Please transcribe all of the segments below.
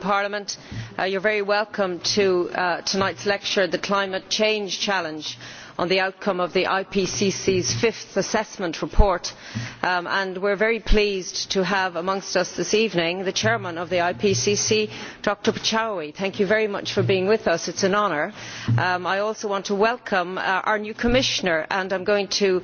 parliament you are very welcome to tonight's lecture the climate change challenge' on the outcome of the ipcc's fifth assessment report and we are very pleased to have amongst us this evening the chairman of the ipcc dr pachauri. thank you very much for being with us it is an honour. i also want to welcome our new commissioner and i am going to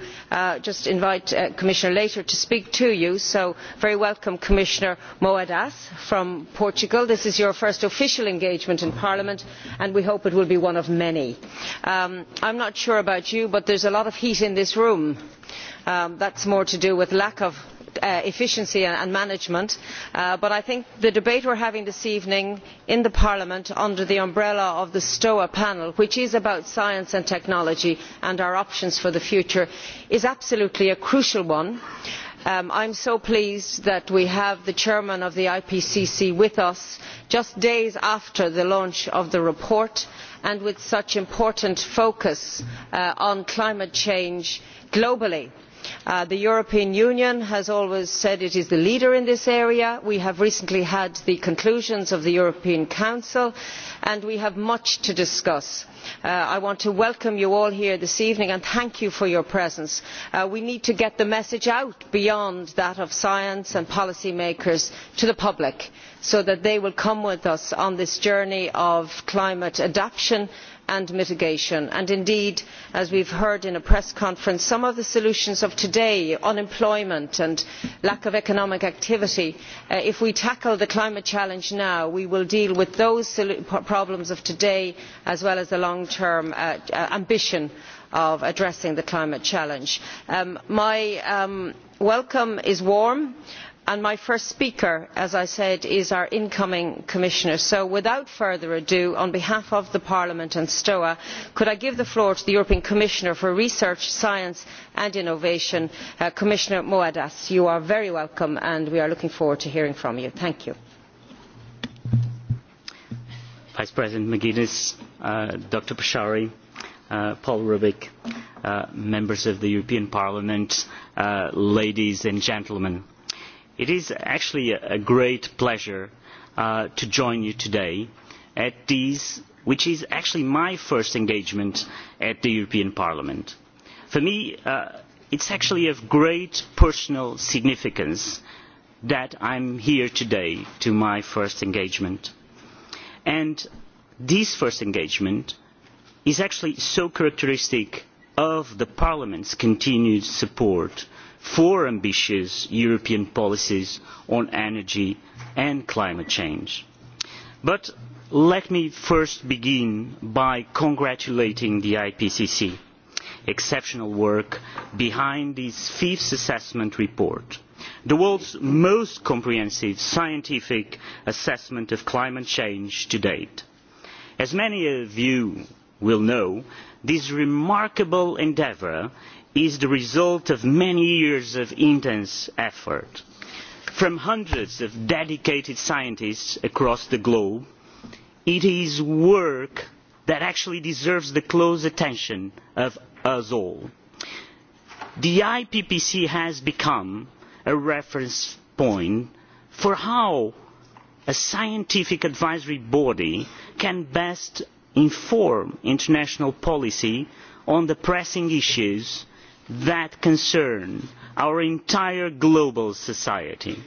just invite commissioner later to speak to you so very welcome commissioner moedas from portugal. this is your first official engagement in parliament and we hope it will be one of many. i am not sure sure about you but there is a lot of heat in this room. that is more to do with lack of efficiency and management but i think the debate we are having this evening in parliament under the umbrella of the stoa panel which is about science and technology and our options for the future is absolutely a crucial one. i am so pleased that we have the chairman of the ipcc with us just days after the launch of the report and and with such important focus on climate change globally. the european union has always said it is the leader in this area we have recently had the conclusions of the european council and we have much to discuss. i want to welcome you all here this evening and thank you for your presence. we need to get the message out beyond that of science and policy makers to the public so that they will come with us on this journey of climate adaptation and mitigation. indeed as we have heard in a press conference some of the solutions of today unemployment and lack of economic activity if we tackle the climate challenge now we will deal with those problems of today as well as the long term ambition of addressing the climate challenge. my welcome is warm my first speaker as i said is our incoming commissioner so without further ado on behalf of parliament and stoa could i give the floor to the european commissioner for research science and innovation commissioner moedas. you are very welcome and we are looking forward to hearing from you. thank you. vice president mcguinness dr pachauri paul rubig members of the european parliament ladies and gentlemen It is actually a great pleasure to join you today at this, which is actually my first engagement at the European Parliament. For me, it is actually of great personal significance that I am here today to my first engagement. And this first engagement is actually so characteristic of the Parliament's continued support for ambitious European policies on energy and climate change. But let me first begin by congratulating the IPCC. Exceptional work behind this fifth assessment report, the world's most comprehensive scientific assessment of climate change to date. As many of you will know this remarkable endeavour is the result of many years of intense effort from hundreds of dedicated scientists across the globe. it is work that actually deserves the close attention of us all. the ippc has become a reference point for how a scientific advisory body can best inform international policy on the pressing issues that concern our entire global society.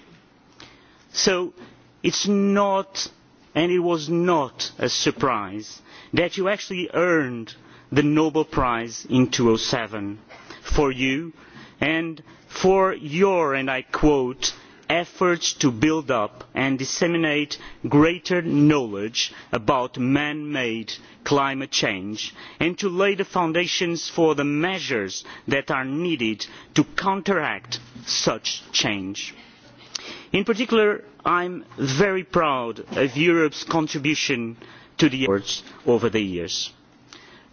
so it is not and it was not a surprise that you actually earned the nobel prize in two thousand and seven for you and for your and i quote efforts to build up and disseminate greater knowledge about man made climate change and to lay the foundations for the measures that are needed to counteract such change. in particular i am very proud of europe's contribution to the efforts over the years.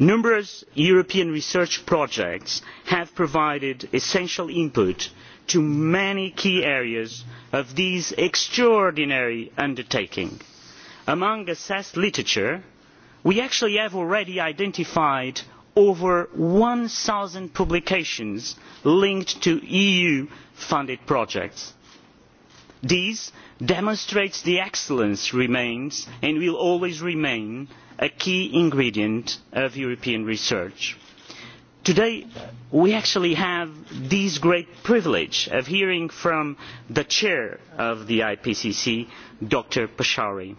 numerous european research projects have provided essential input to many key areas of this extraordinary undertaking. among assessed literature we actually have already identified over one thousand publications linked to eu funded projects. this demonstrates that excellence remains and will always remain a key ingredient of european research today we actually have the great privilege of hearing from the chair of the ipcc dr pachauri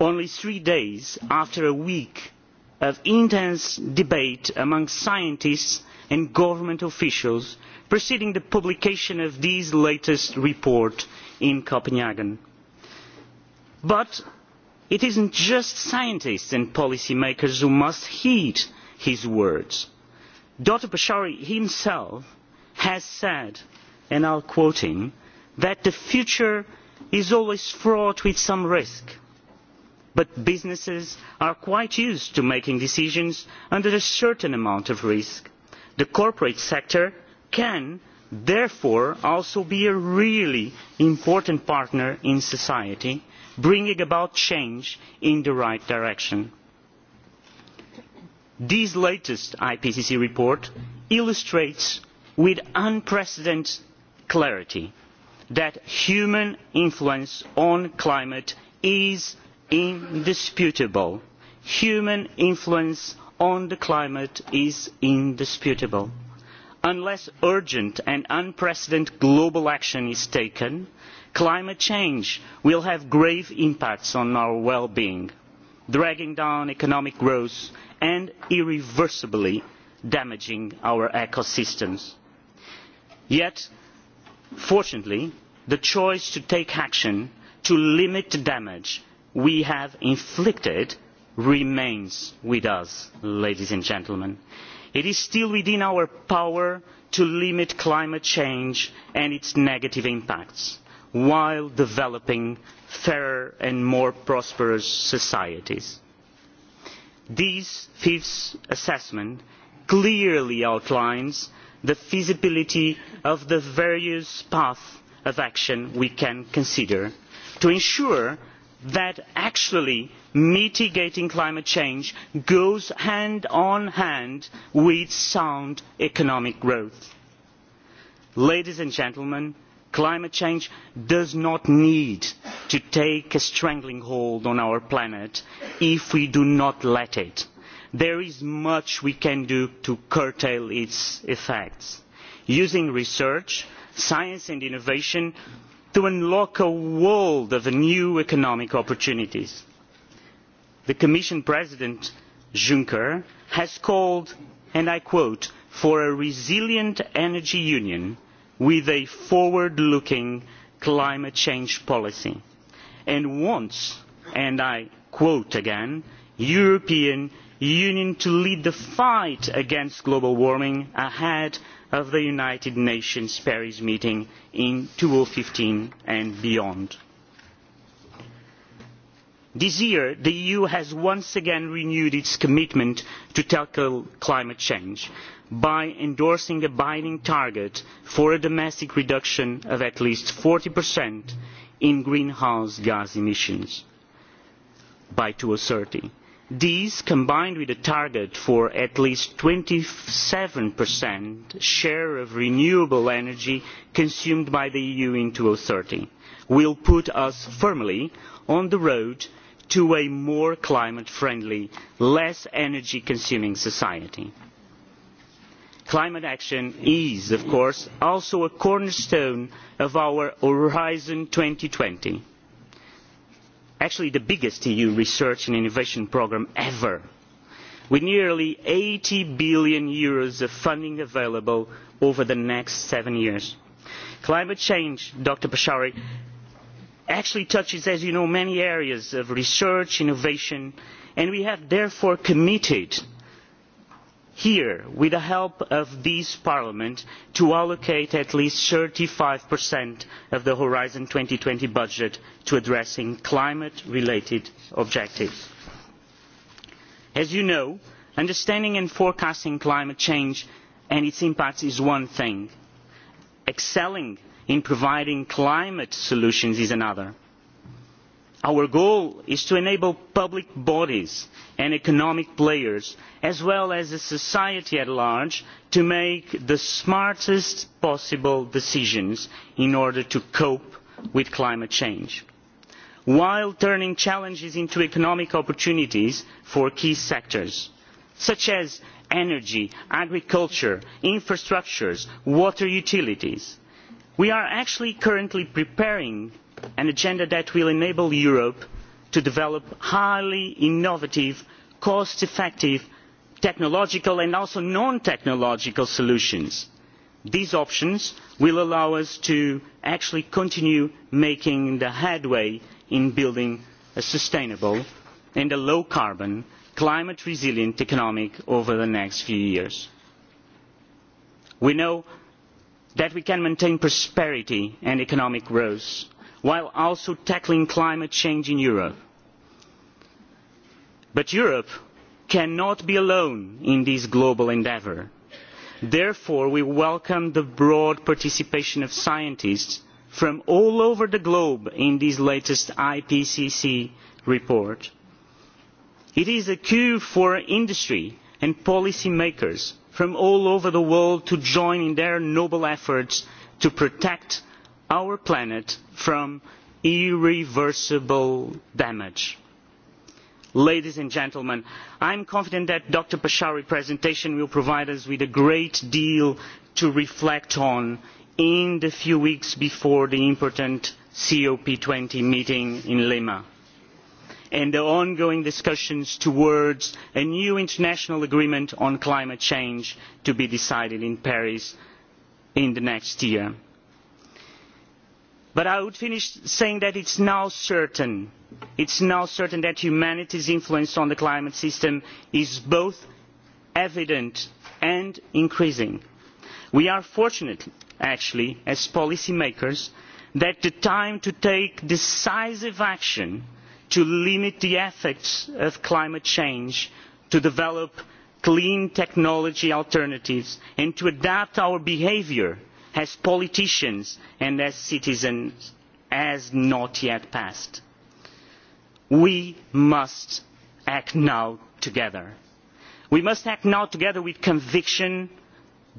only three days after a week of intense debate among scientists and government officials preceding the publication of this latest report in copenhagen. but it is not just scientists and policy makers who must heed his words dr bashir himself has said and i will quote him that the future is always fraught with some risk but businesses are quite used to making decisions under a certain amount of risk. the corporate sector can therefore also be a really important partner in society bringing about change in the right direction this latest ipcc report illustrates with unprecedented clarity that human influence on climate is indisputable. human influence on the climate is indisputable. unless urgent and unprecedented global action is taken climate change will have grave impacts on our well being dragging down economic growth and irreversibly damaging our ecosystems. yet fortunately the choice to take action to limit the damage we have inflicted remains with us ladies and gentlemen. it is still within our power to limit climate change and its negative impacts while developing fairer and more prosperous societies this fifth assessment clearly outlines the feasibility of the various paths of action we can consider to ensure that actually mitigating climate change goes hand in hand with sound economic growth. ladies and gentlemen climate change does not need to take a strangling hold on our planet if we do not let it. there is much we can do to curtail its effects using research science and innovation to unlock a world of new economic opportunities. the commission president juncker has called and i quote for a resilient energy union with a forward looking climate change policy and wants and i quote again the european union to lead the fight against global warming ahead of the united nations paris meeting in two thousand and fifteen and beyond this year the eu has once again renewed its commitment to tackle climate change by endorsing a binding target for a domestic reduction of at least forty in greenhouse gas emissions by two thousand and thirty This, combined with a target for at least twenty seven share of renewable energy consumed by the eu in two thousand and thirty will put us firmly on the road to a more climate friendly, less energy consuming society. Climate action is, of course, also a cornerstone of our Horizon twenty, actually the biggest EU research and innovation programme ever, with nearly EUR eighty billion of funding available over the next seven years. Climate change, Dr. Bashari, actually touches as you know many areas of research innovation and we have therefore committed here with the help of this parliament to allocate at least thirty five of the horizon two thousand and twenty budget to addressing climate related objectives. as you know understanding and forecasting climate change and its impacts is one thing excelling in providing climate solutions is another. Our goal is to enable public bodies and economic players, as well as the society at large, to make the smartest possible decisions in order to cope with climate change, while turning challenges into economic opportunities for key sectors, such as energy, agriculture, infrastructures, water utilities we are actually currently preparing an agenda that will enable europe to develop highly innovative cost effective technological and also non technological solutions. these options will allow us to actually continue making headway in building a sustainable and low carbon climate resilient economy over the next few years. we know that we can maintain prosperity and economic growth while also tackling climate change in europe. but europe cannot be alone in this global endeavour. therefore we welcome the broad participation of scientists from all over the globe in this latest ipcc report. it is a cue for industry and policy makers from all over the world to join in their noble efforts to protect our planet from irreversible damage. Ladies and gentlemen, I am confident that Dr. Pashari's presentation will provide us with a great deal to reflect on in the few weeks before the important cop twenty meeting in Lima and the ongoing discussions towards a new international agreement on climate change to be decided in paris in the next year. but i would finish by saying that it is now certain that humanity's influence on the climate system is both evident and increasing. we are fortunate actually as policy makers that the time to take decisive action to limit the effects of climate change to develop clean technology alternatives and to adapt our behaviour as politicians and as citizens has not yet passed. We must act now together. We must act now together with conviction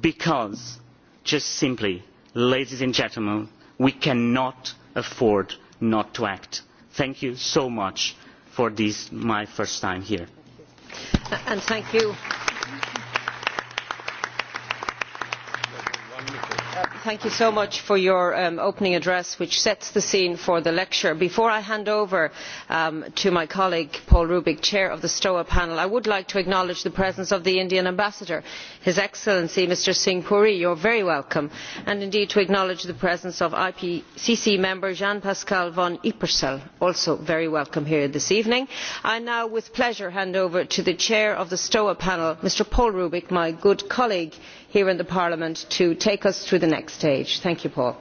because, just simply, ladies and gentlemen, we cannot afford not to act thank you so much for this my first time here. thank you so much for your opening address which sets the scene for the lecture. before i hand over to my colleague paul rubig chair of the stoa panel i would like to acknowledge the presence of the indian ambassador his excellency mr singh puri you are very welcome and indeed to acknowledge the presence of ipcc member jean pascal von ippersen also very welcome here this evening. i now with pleasure hand over to the chair of the stoa panel mr paul rubig my good colleague here in parliament to take us to the next stage. thank you paul.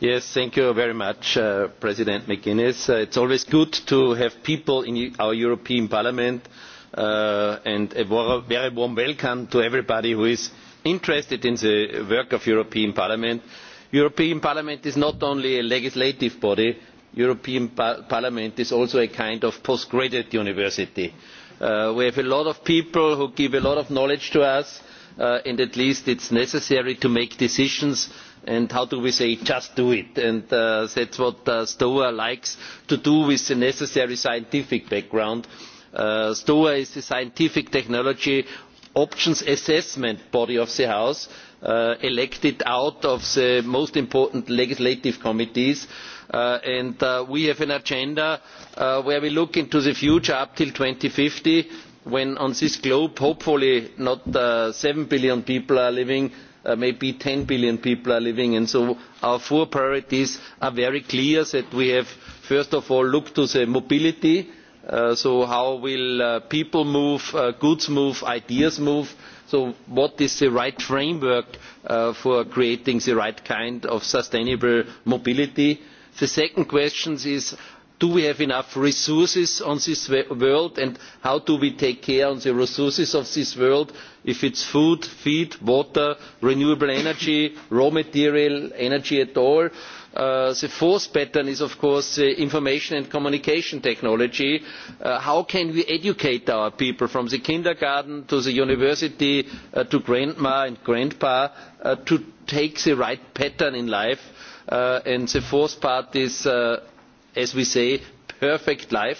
Yes, thank you very much, President McGuinness. It is always good to have people in our European Parliament and a very warm welcome to everybody who is interested in the work of the European Parliament. European Parliament is not only a legislative body, European Parliament is also a kind of post graduate university. we have a lot of people who give a lot of knowledge to us and at least it is necessary to make decisions and how do we say just do it and that is what stoa likes to do with the necessary scientific background. stoa is the scientific technology options assessment body of the house elected out of the most important legislative committees and we have an agenda where we look into the future up till two thousand and fifty when on this globe hopefully not seven billion people are living maybe ten billion people are living and so our four priorities are very clear that we have first of all looked to the mobility so how will people move goods move ideas move so what is the right framework for creating the right kind of sustainable mobility? the second question is do we have enough resources on this world and how do we take care of the resources of this world if it is food feed water renewable energy raw material energy at all? the fourth pattern is of course information and communication technology how can we educate our people from kindergarten to the university to grandma and grandpa to take the right pattern in life? and the fourth part is as we say perfect life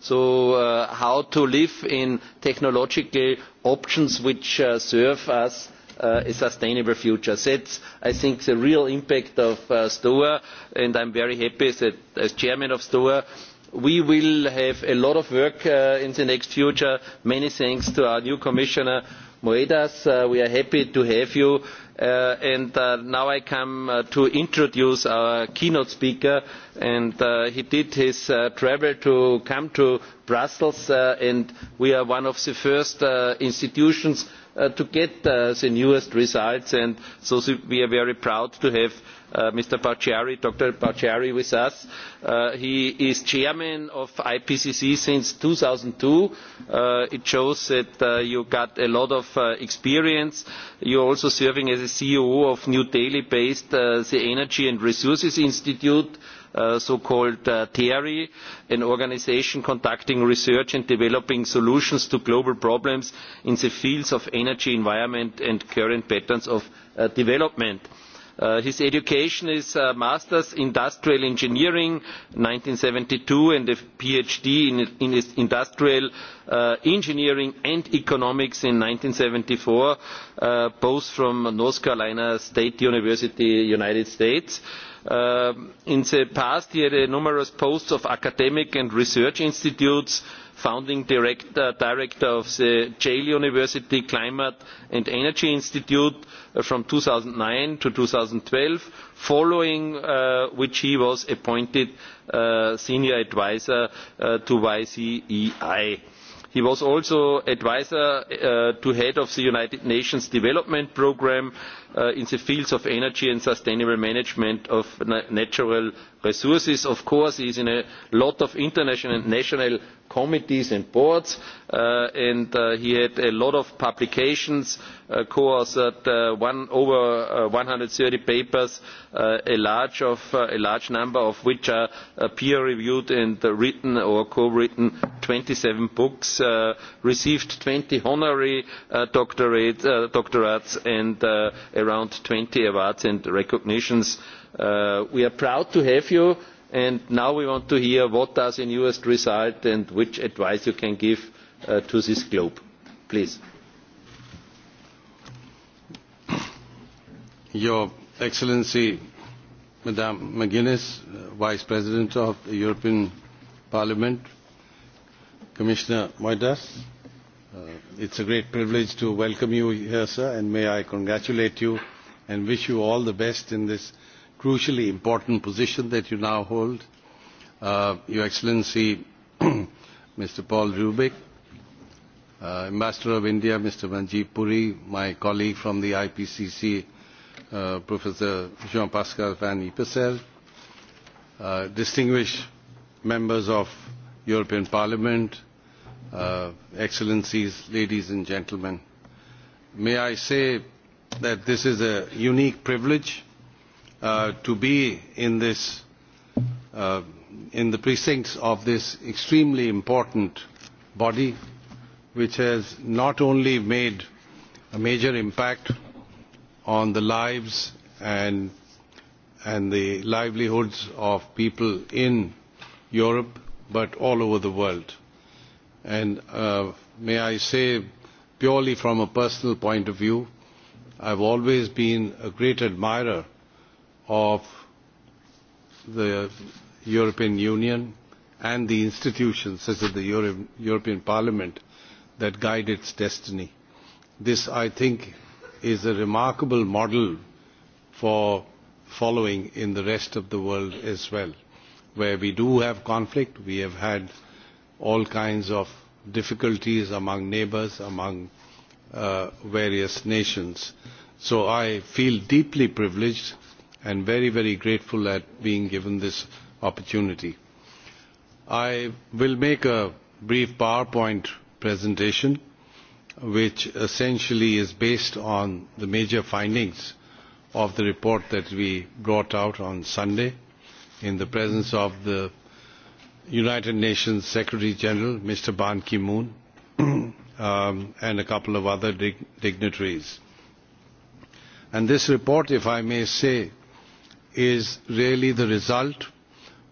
so how to live in technological options which serve us a sustainable future. that is i think the real impact of stoa and i am very happy that as chairman of stoa we will have a lot of work in the next future. many thanks to our new commissioner moedas we are happy to have you and now i come to introduce our keynote speaker and he did his travel to come to brussels and we are one of the first institutions to get the newest results and so we are very proud to have Mr. Paciari, Dr. with us. he is chairman of IPCC since two thousand two. it shows that you got a lot of experience. You are also serving as a CEO of New Delhi based the Energy and Resources Institute so called TERI, an organisation conducting research and developing solutions to global problems in the fields of energy, environment and current patterns of development his education is a master's in industrial engineering one thousand nine hundred and seventy two and a phd in industrial engineering and economics in one thousand nine hundred and seventy four both from north carolina state university united states. in the past he had numerous posts of academic and research institutes founding director of the Jail University Climate and Energy Institute from two thousand nine to two thousand and twelve, following which he was appointed senior advisor to YCEI. He was also advisor to head of the United Nations Development Programme in the fields of energy and sustainable management of natural resources. Of course, he is in a lot of international and national committees and boards and he had a lot of publications co-authored over one hundred and thirty papers a large number of which are peer reviewed and written or co written twenty seven books received twenty honorary doctorates and around twenty awards and recognitions. we are proud to have you and now we want to hear what does the newest result and which advice you can give to this globe. Please. Your Excellency, Madam McGuinness, Vice President of the European Parliament, Commissioner Moedas, it is a great privilege to welcome you here, sir, and may I congratulate you and wish you all the best in this crucially important position that you now hold. Uh, Your Excellency, Mr. Paul Rubik, uh, Ambassador of India, Mr. Manjeev Puri, my colleague from the IPCC, uh, Professor Jean-Pascal Van Ypersel, uh, distinguished members of European Parliament, uh, Excellencies, ladies and gentlemen. May I say that this is a unique privilege to be in this in the precincts of this extremely important body which has not only made a major impact on the lives and and the livelihoods of people in Europe but all over the world and may I say purely from a personal point of view I have always been a great admirer of the European Union and the institutions such as the European Parliament that guide its destiny. This, I think, is a remarkable model for following in the rest of the world as well, where we do have conflict. We have had all kinds of difficulties among neighbors, among various nations. So I feel deeply privileged and very, very grateful at being given this opportunity. I will make a brief PowerPoint presentation which essentially is based on the major findings of the report that we brought out on Sunday in the presence of the United Nations Secretary General, Mr. Ban Ki-moon, um, and a couple of other dig- dignitaries. And this report, if I may say, is really the result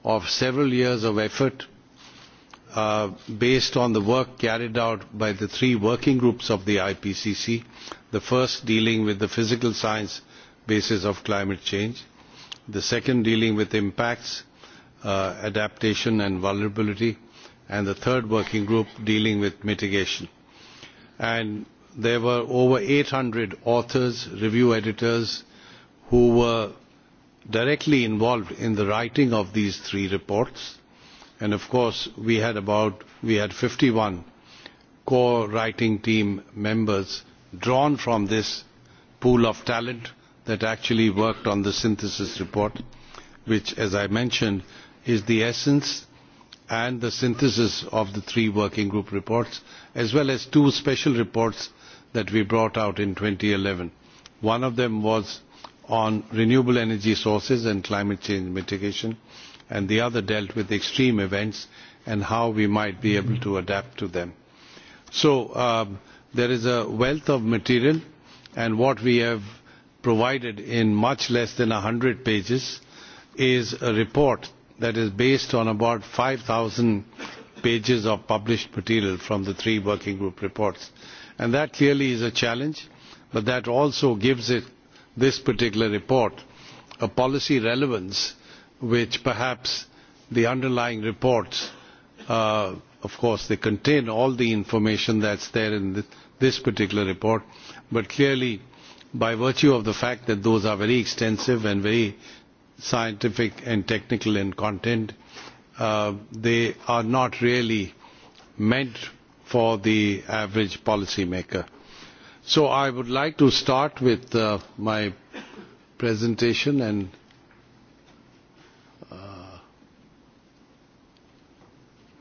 of several years of effort based on the work carried out by the three working groups of the IPCC, the first dealing with the physical science basis of climate change, the second dealing with impacts, adaptation and vulnerability, and the third working group dealing with mitigation. And there were over 800 authors, review editors, who were directly involved in the writing of these three reports. And of course, we had about, we had 51 core writing team members drawn from this pool of talent that actually worked on the synthesis report, which, as I mentioned, is the essence and the synthesis of the three working group reports, as well as two special reports that we brought out in eleven. One of them was on renewable energy sources and climate change mitigation, and the other dealt with extreme events and how we might be able to adapt to them. So there is a wealth of material, and what we have provided in much less than one hundred pages is a report that is based on about five 5,000 pages of published material from the three working group reports. And that clearly is a challenge, but that also gives it this particular report a policy relevance which perhaps the underlying reports of course they contain all the information that is there in this particular report but clearly by virtue of the fact that those are very extensive and very scientific and technical in content they are not really meant for the average policymaker. So I would like to start with uh, my presentation and uh,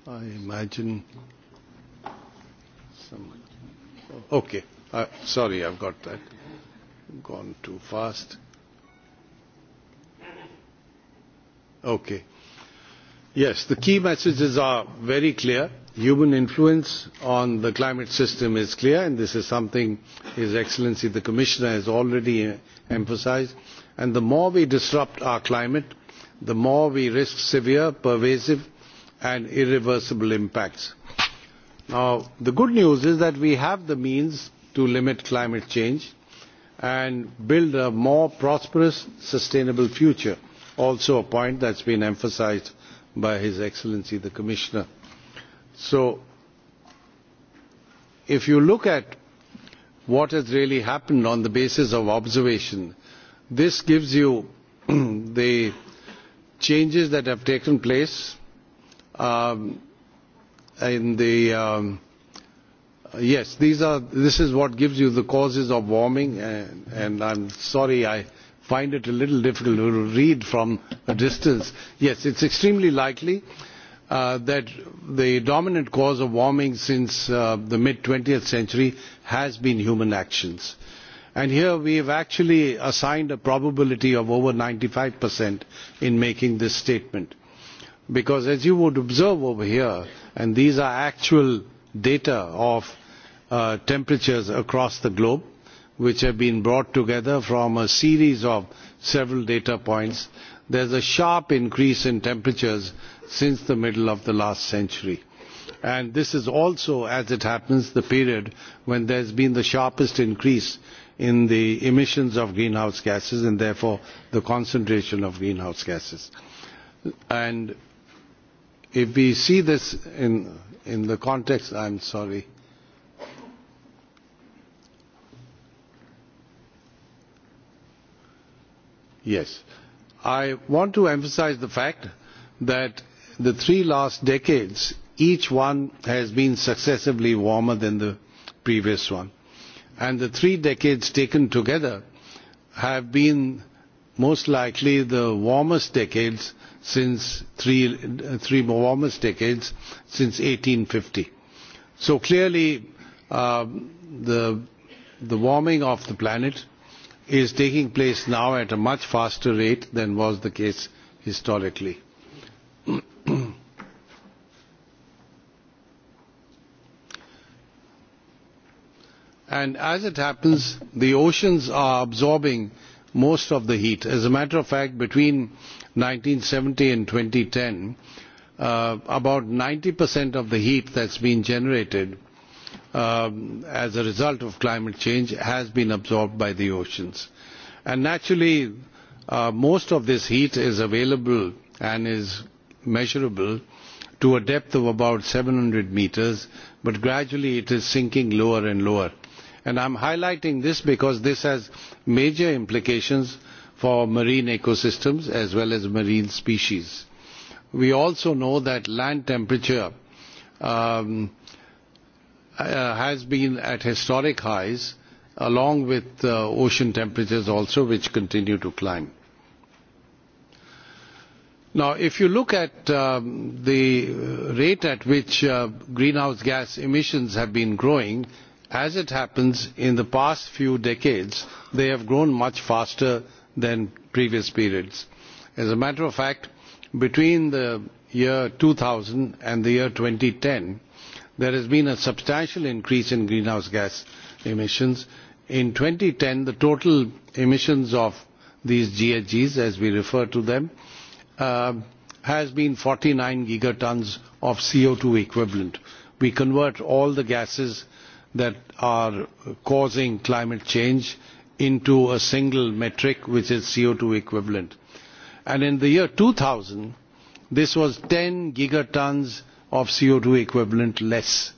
I imagine some. Okay, uh, sorry, I've got that gone too fast. Okay. Yes, the key messages are very clear human influence on the climate system is clear and this is something his excellency the commissioner has already emphasised and the more we disrupt our climate the more we risk severe pervasive and irreversible impacts. the good news is that we have the means to limit climate change and build a more prosperous sustainable future also a point that has been emphasised by his excellency the commissioner So if you look at what has really happened on the basis of observation, this gives you the changes that have taken place Um in the um yes these are this is what gives you the causes of warming and, and i'm sorry i find it a little difficult to read from a distance yes it's extremely likely that the dominant cause of warming since uh the mid 20th century has been human actions. And here we have actually assigned a probability of over 95% in making this statement. Because as you would observe over here, and these are actual data of temperatures across the globe, which have been brought together from a series of several data points, there is a sharp increase in temperatures since the middle of the last century. And this is also, as it happens, the period when there has been the sharpest increase in the emissions of greenhouse gases and therefore the concentration of greenhouse gases. And if we see this in, in the context, I'm sorry. Yes. I want to emphasize the fact that the three last decades, each one has been successively warmer than the previous one. And the three decades taken together have been most likely the warmest decades since three, three warmest decades since 1850. So clearly, the, the warming of the planet is taking place now at a much faster rate than was the case historically and as it happens the oceans are absorbing most of the heat. as a matter of fact between 1970 and seventy and ten about ninety of the heat that has been generated as a result of climate change has been absorbed by the oceans. naturally most of this heat is available and is measurable to a depth of about seven hundred metres but gradually it is sinking lower and lower and i am highlighting this because this has major implications for marine ecosystems as well as marine species. we also know that land temperature has been at historic highs along with ocean temperatures also which continue to climb. Now, if you look at the rate at which greenhouse gas emissions have been growing, as it happens in the past few decades they have grown much faster than previous periods. as a matter of fact between the year two thousand and the year two thousand and ten there has been a substantial increase in greenhouse gas emissions. in two thousand and ten the total emissions of these ghgs as we refer to them has been forty nine gigatons of co two equivalent. we convert all the gases that are causing climate change into a single metric which is co two equivalent. And in the year two thousand this was ten gigatons of co two equivalent less.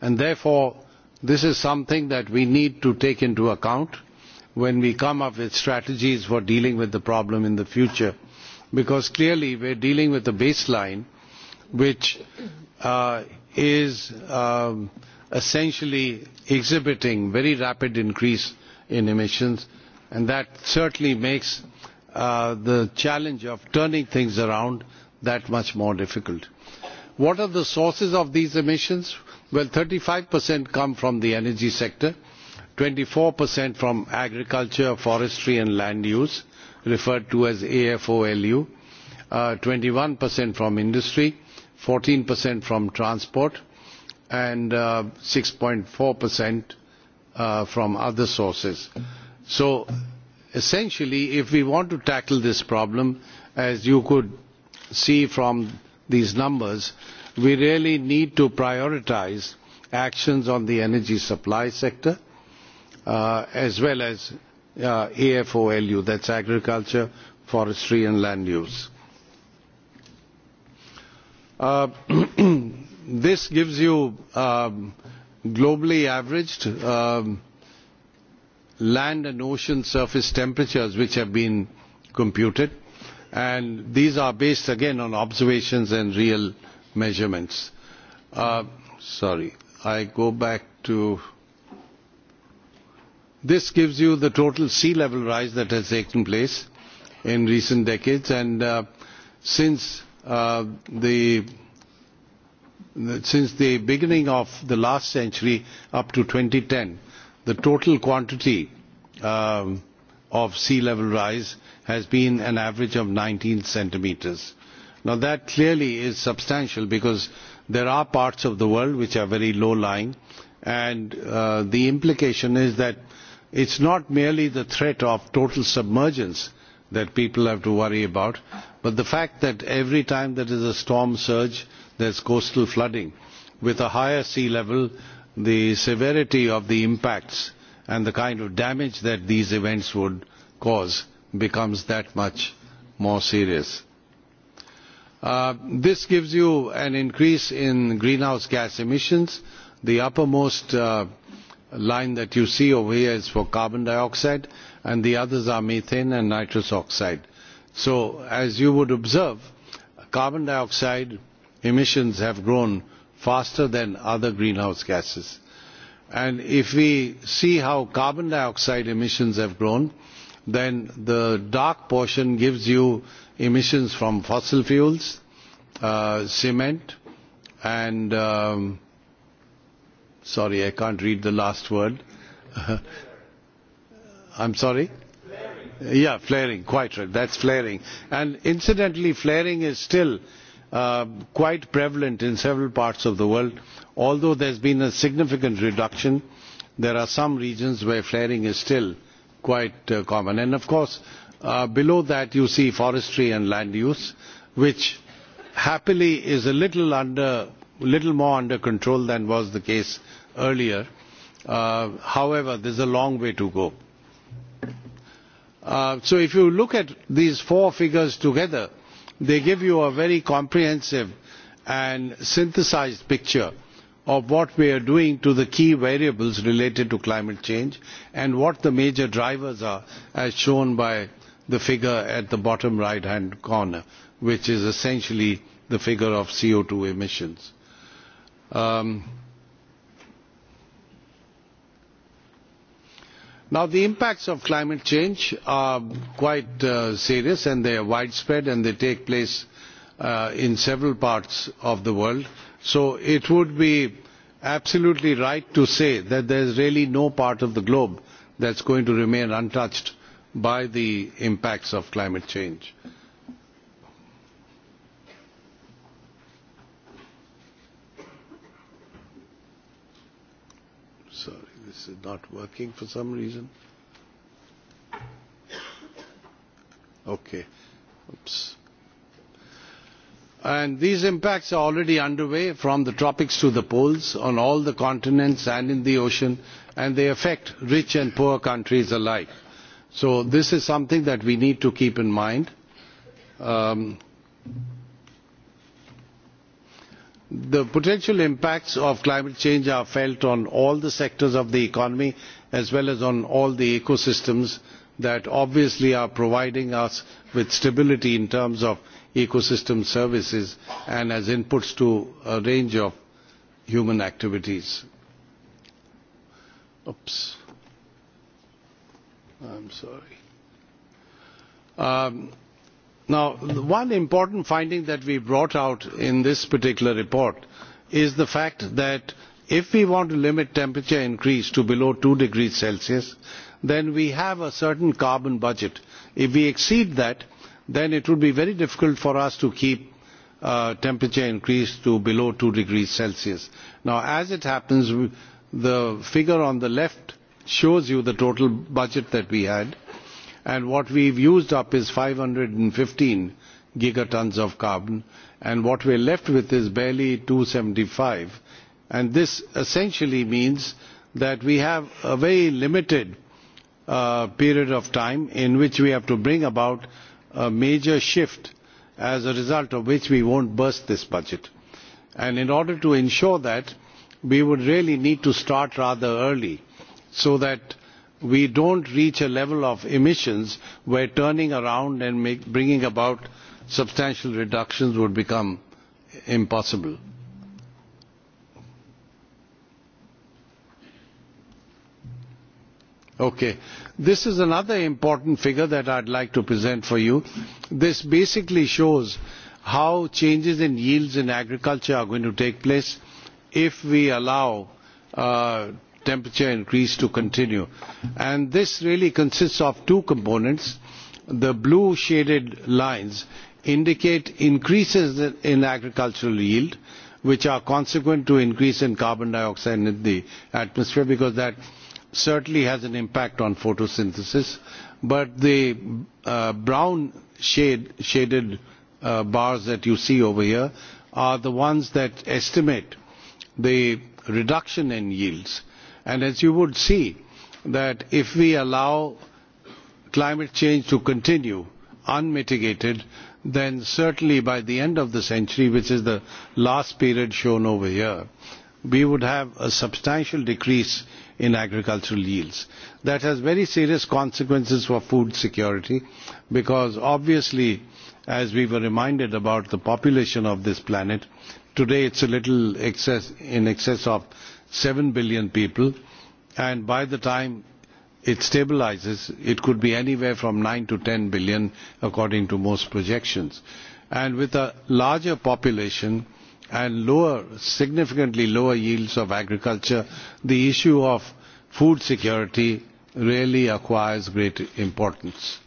And therefore this is something that we need to take into account when we come up with strategies for dealing with the problem in the future because clearly we are dealing with a baseline which is essentially exhibiting very rapid increase in emissions and that certainly makes the challenge of turning things around that much more difficult. What are the sources of these emissions? Well, 35% come from the energy sector, 24% from agriculture, forestry and land use, referred to as AFOLU, 21% from industry, 14% from transport, and 6.4% from other sources. So essentially, if we want to tackle this problem, as you could see from these numbers, we really need to prioritise actions on the energy supply sector as well as AFOLU, that's agriculture, forestry and land use this gives you um, globally averaged um, land and ocean surface temperatures which have been computed and these are based again on observations and real measurements. Uh, sorry, I go back to this gives you the total sea level rise that has taken place in recent decades and uh, since uh, the since the beginning of the last century up to 2010, the total quantity um, of sea level rise has been an average of 19 centimeters. Now that clearly is substantial because there are parts of the world which are very low lying and uh, the implication is that it's not merely the threat of total submergence that people have to worry about, but the fact that every time there is a storm surge, there is coastal flooding. With a higher sea level, the severity of the impacts and the kind of damage that these events would cause becomes that much more serious. This gives you an increase in greenhouse gas emissions. The uppermost line that you see over here is for carbon dioxide, and the others are methane and nitrous oxide. So, as you would observe, carbon dioxide emissions have grown faster than other greenhouse gases. And if we see how carbon dioxide emissions have grown, then the dark portion gives you emissions from fossil fuels, uh, cement, and um, sorry, I can't read the last word. I'm sorry? Flaring. Yeah, flaring, quite right. That's flaring. And incidentally, flaring is still quite prevalent in several parts of the world. Although there has been a significant reduction, there are some regions where flaring is still quite common. And of course, below that you see forestry and land use, which happily is a little under little more under control than was the case earlier. However, there is a long way to go. So if you look at these four figures together, they give you a very comprehensive and synthesised picture of what we are doing to the key variables related to climate change and what the major drivers are, as shown by the figure at the bottom right hand corner, which is essentially the figure of co two emissions. Um, Now, the impacts of climate change are quite uh, serious and they are widespread and they take place uh, in several parts of the world. So it would be absolutely right to say that there is really no part of the globe that's going to remain untouched by the impacts of climate change. is not working for some reason. Okay. Oops. And these impacts are already underway from the tropics to the poles on all the continents and in the ocean, and they affect rich and poor countries alike. So this is something that we need to keep in mind. Um, the potential impacts of climate change are felt on all the sectors of the economy as well as on all the ecosystems that obviously are providing us with stability in terms of ecosystem services and as inputs to a range of human activities. Oops. I'm sorry. Um, Now, one important finding that we brought out in this particular report is the fact that if we want to limit temperature increase to below two degrees Celsius, then we have a certain carbon budget. If we exceed that, then it would be very difficult for us to keep temperature increase to below two degrees Celsius. Now, as it happens, the figure on the left shows you the total budget that we had and what we have used up is five hundred and fifteen gigatons of carbon and what we are left with is barely two hundred and seventy five and this essentially means that we have a very limited period of time in which we have to bring about a major shift as a result of which we will not burst this budget. in order to ensure that we would really need to start rather early so that we don't reach a level of emissions where turning around and make, bringing about substantial reductions would become impossible. Okay. This is another important figure that I'd like to present for you. This basically shows how changes in yields in agriculture are going to take place if we allow temperature increase to continue. And this really consists of two components. The blue shaded lines indicate increases in agricultural yield, which are consequent to increase in carbon dioxide in the atmosphere because that certainly has an impact on photosynthesis. But the brown shade, shaded bars that you see over here are the ones that estimate the reduction in yields And as you would see, that if we allow climate change to continue unmitigated, then certainly by the end of the century, which is the last period shown over here, we would have a substantial decrease in agricultural yields. That has very serious consequences for food security because obviously, as we were reminded about the population of this planet, today it's a little excess, in excess of 7 billion people, and by the time it stabilizes, it could be anywhere from 9 to 10 billion, according to most projections. And with a larger population and lower, significantly lower yields of agriculture, the issue of food security really acquires great importance.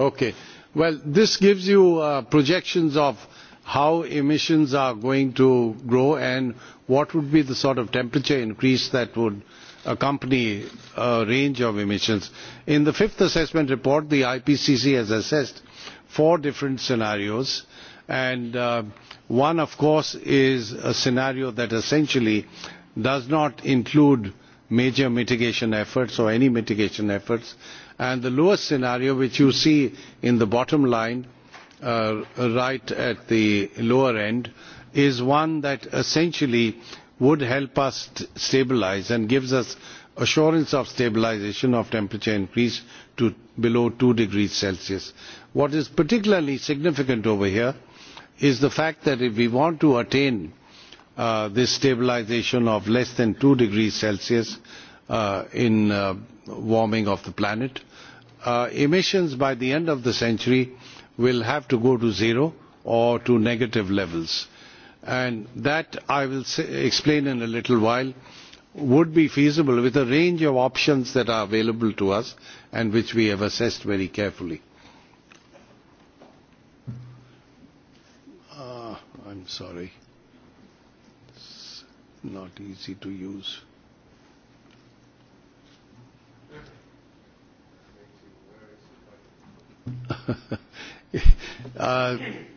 Okay. Well, this gives you uh, projections of how emissions are going to grow and what would be the sort of temperature increase that would accompany a range of emissions. In the fifth assessment report, the IPCC has assessed four different scenarios and uh, one of course is a scenario that essentially does not include major mitigation efforts or any mitigation efforts and the lowest scenario which you see in the bottom line right at the lower end is one that essentially would help us stabilise and gives us assurance of stabilisation of temperature increase to below two degrees Celsius. What is particularly significant over here is the fact that if we want to attain this stabilisation of less than two degrees Celsius in warming of the planet, emissions by the end of the century will have to go to zero or to negative levels. And that, I will explain in a little while, would be feasible with a range of options that are available to us and which we have assessed very carefully. I'm sorry. It's not easy to use.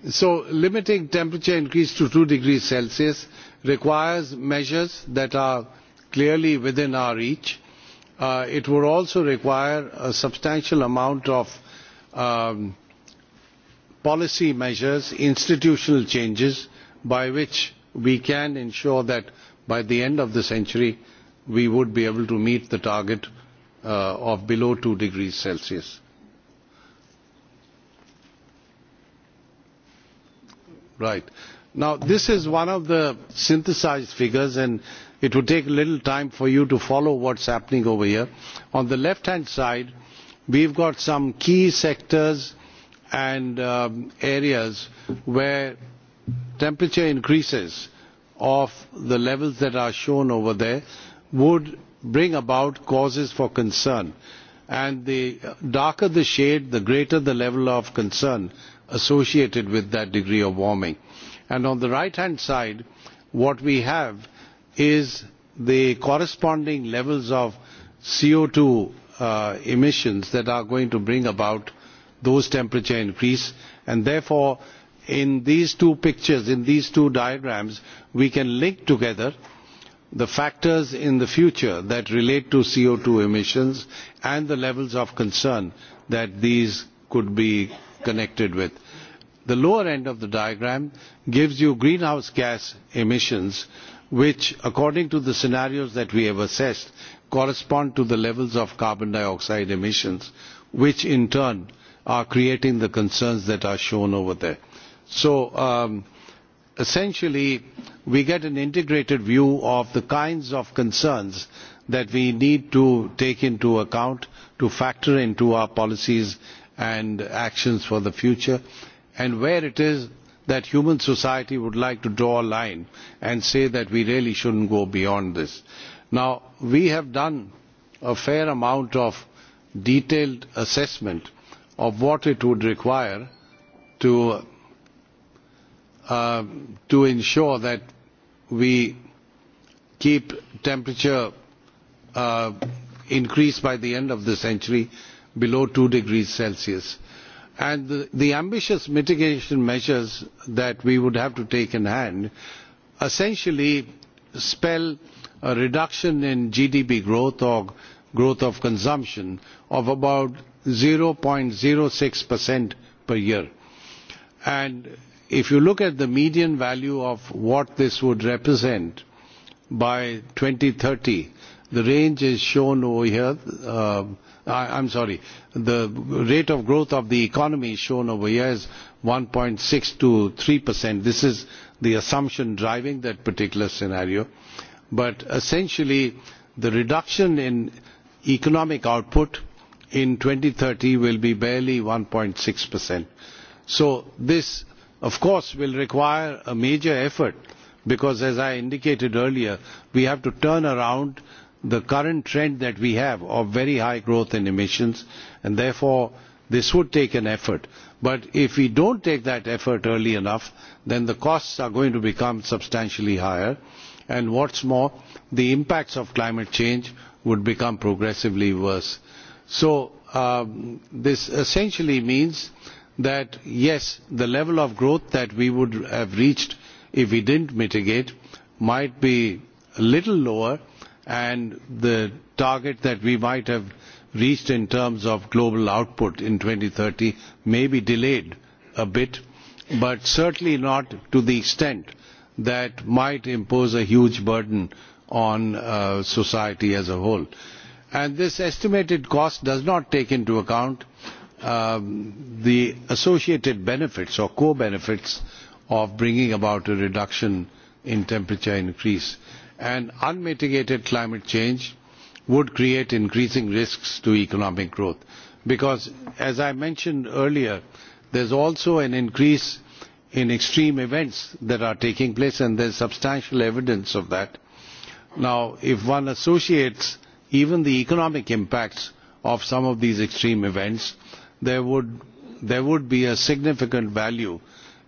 so limiting temperature increase to two degrees celsius requires measures that are clearly within our reach. it would also require a substantial amount of policy measures institutional changes by which we can ensure that by the end of the century we would be able to meet the target of below two degrees celsius. Right. Now, this is one of the synthesized figures, and it would take a little time for you to follow what's happening over here. On the left-hand side, we've got some key sectors and um, areas where temperature increases of the levels that are shown over there would bring about causes for concern. And the darker the shade, the greater the level of concern associated with that degree of warming. And on the right hand side, what we have is the corresponding levels of co two emissions that are going to bring about those temperature increase and therefore in these two pictures, in these two diagrams, we can link together the factors in the future that relate to co two emissions and the levels of concern that these could be connected with. The lower end of the diagram gives you greenhouse gas emissions, which, according to the scenarios that we have assessed, correspond to the levels of carbon dioxide emissions, which in turn are creating the concerns that are shown over there. So essentially, we get an integrated view of the kinds of concerns that we need to take into account to factor into our policies and actions for the future and where it is that human society would like to draw a line and say that we really shouldn't go beyond this. Now, we have done a fair amount of detailed assessment of what it would require to, uh, to ensure that we keep temperature uh, increased by the end of the century below 2 degrees Celsius. And the, the ambitious mitigation measures that we would have to take in hand essentially spell a reduction in GDP growth or growth of consumption of about 0.06% per year. And if you look at the median value of what this would represent by 2030, The range is shown over here. Uh, I, I'm sorry. The rate of growth of the economy shown over here is 1.6 to 3 percent. This is the assumption driving that particular scenario. But essentially, the reduction in economic output in 2030 will be barely 1.6 percent. So this, of course, will require a major effort because as I indicated earlier, we have to turn around the current trend that we have of very high growth in emissions, and therefore this would take an effort. But if we do not take that effort early enough, then the costs are going to become substantially higher. And what is more, the impacts of climate change would become progressively worse. So this essentially means that, yes, the level of growth that we would have reached if we did not mitigate might be a little lower, and the target that we might have reached in terms of global output in 2030 may be delayed a bit, but certainly not to the extent that might impose a huge burden on society as a whole. And this estimated cost does not take into account the associated benefits or co-benefits of bringing about a reduction in temperature increase and unmitigated climate change would create increasing risks to economic growth. Because, as I mentioned earlier, there is also an increase in extreme events that are taking place, and there is substantial evidence of that. Now, if one associates even the economic impacts of some of these extreme events, there would, there would be a significant value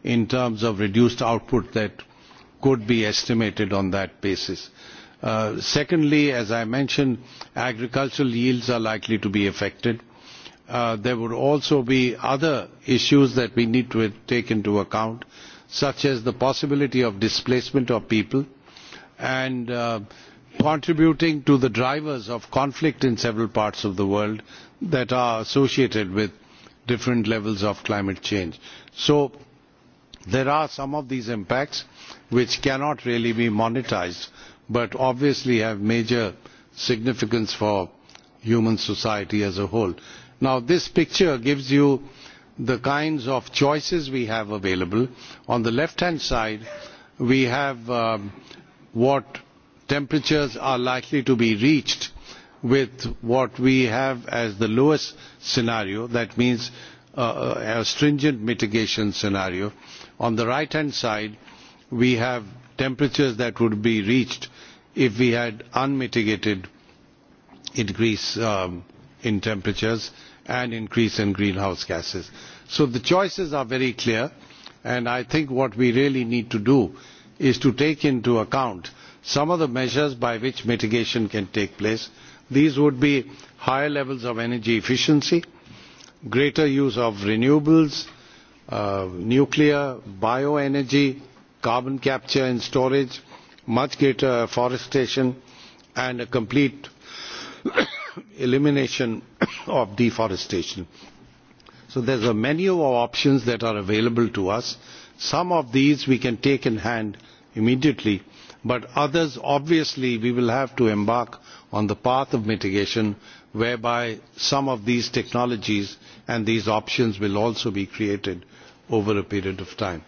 in terms of reduced output that could be estimated on that basis. Secondly, as I mentioned, agricultural yields are likely to be affected. There would also be other issues that we need to take into account, such as the possibility of displacement of people and contributing to the drivers of conflict in several parts of the world that are associated with different levels of climate change. So there are some of these impacts which cannot really be monetised, but obviously have major significance for human society as a whole. Now, this picture gives you the kinds of choices we have available. On the left-hand side, we have what temperatures are likely to be reached with what we have as the lowest scenario. That means a stringent mitigation scenario. On the right-hand side, we have temperatures that would be reached if we had unmitigated increase in temperatures and increase in greenhouse gases. So the choices are very clear and I think what we really need to do is to take into account some of the measures by which mitigation can take place. These would be higher levels of energy efficiency, greater use of renewables, nuclear, bioenergy, carbon capture and storage, much greater afforestation, and a complete elimination of deforestation. So there are many of our options that are available to us. Some of these we can take in hand immediately, but others obviously we will have to embark on the path of mitigation whereby some of these technologies and these options will also be created over a period of time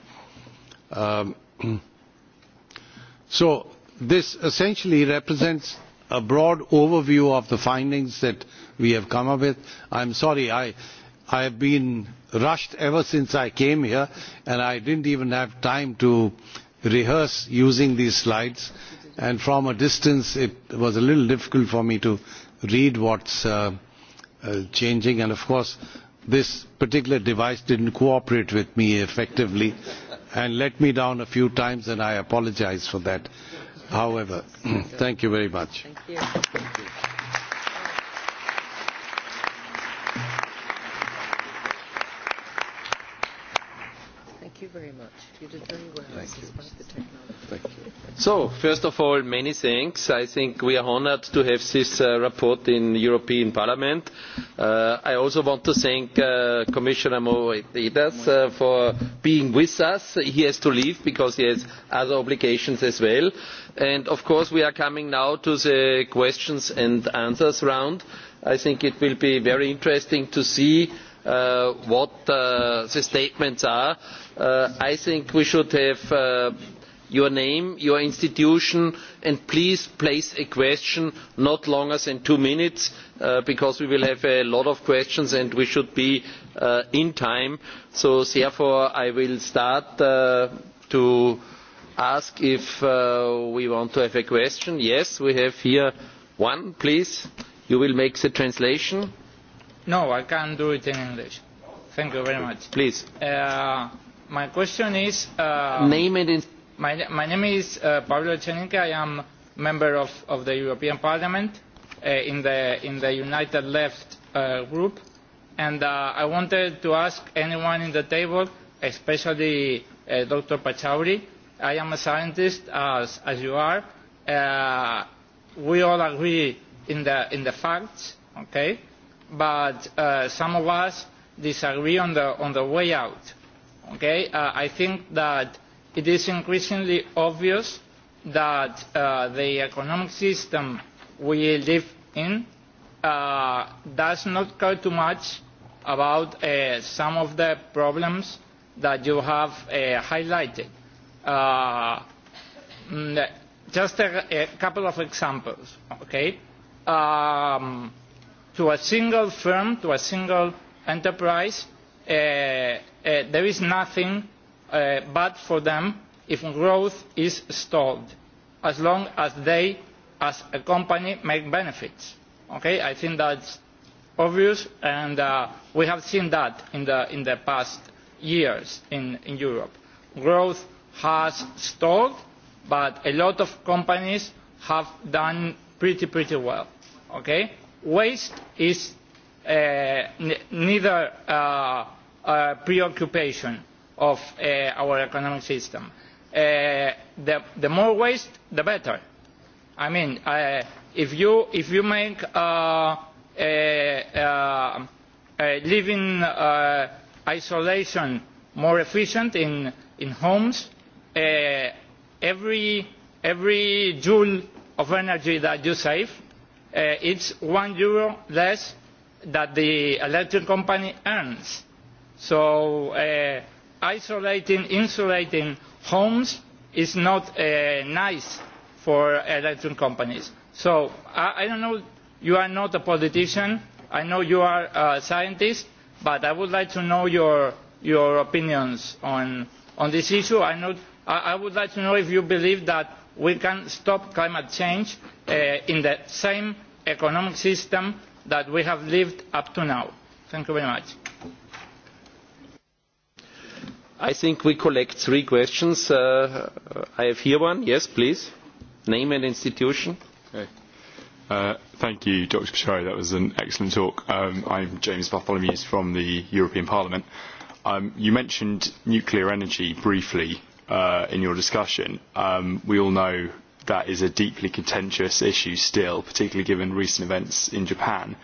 so this essentially represents a broad overview of the findings that we have come up with. i am sorry i have been rushed ever since i came here and i did not even have time to rehearse using these slides and from a distance it was a little difficult for me to read what is changing and of course this particular device did not cooperate with me effectively and let me down a few times and I apologise for that. However, thank you very much. Thank you very much. You did very well, despite the technology. So, first of all, many thanks. I think we are honoured to have this report in the European Parliament. I also want to thank Commissioner Moedas for being with us. He has to leave because he has other obligations as well. And of course, we are coming now to the questions and answers round. I think it will be very interesting to see what the statements are. I think we should have your name your institution and please place a question not longer than two minutes because we will have a lot of questions and we should be on time. so therefore i will start to ask if we want to have a question. yes we have here one please. you will make the translation. no i can't do it in english. thank you very much. please. my question is. name and My, my name is uh, Pablo Echenique. I am a member of, of the European Parliament uh, in, the, in the United Left uh, group. And uh, I wanted to ask anyone in the table, especially uh, Dr. Pachauri, I am a scientist, as, as you are. Uh, we all agree in the, in the facts, okay? But uh, some of us disagree on the, on the way out, okay? Uh, I think that it is increasingly obvious that uh, the economic system we live in uh, does not care too much about uh, some of the problems that you have uh, highlighted. Uh, just a, a couple of examples, okay? Um, to a single firm, to a single enterprise, uh, uh, there is nothing bad for them if growth is stalled as long as they as a company make benefits. i think that is obvious and we have seen that in the past years in europe. growth has stalled but a lot of companies have done pretty well. waste is neither a preoccupation of our economic system. the more waste the better. i mean if you make living isolation more efficient in homes every joule of energy that you save is one euro less that the electric company earns. so isolating, insulating homes is not nice for electric companies. So I, I don't know, you are not a politician, I know you are a scientist, but I would like to know your, your opinions on, on this issue. I, know, I, I would like to know if you believe that we can stop climate change in the same economic system that we have lived up to now. Thank you very much. I think we collect three questions. Uh, I have here one. Yes, please. Name and institution. Uh, thank you, Dr. Kashari. That was an excellent talk. Um, I'm James Bartholomew from the European Parliament. Um, you mentioned nuclear energy briefly uh, in your discussion. Um, we all know that is a deeply contentious issue still, particularly given recent events in Japan.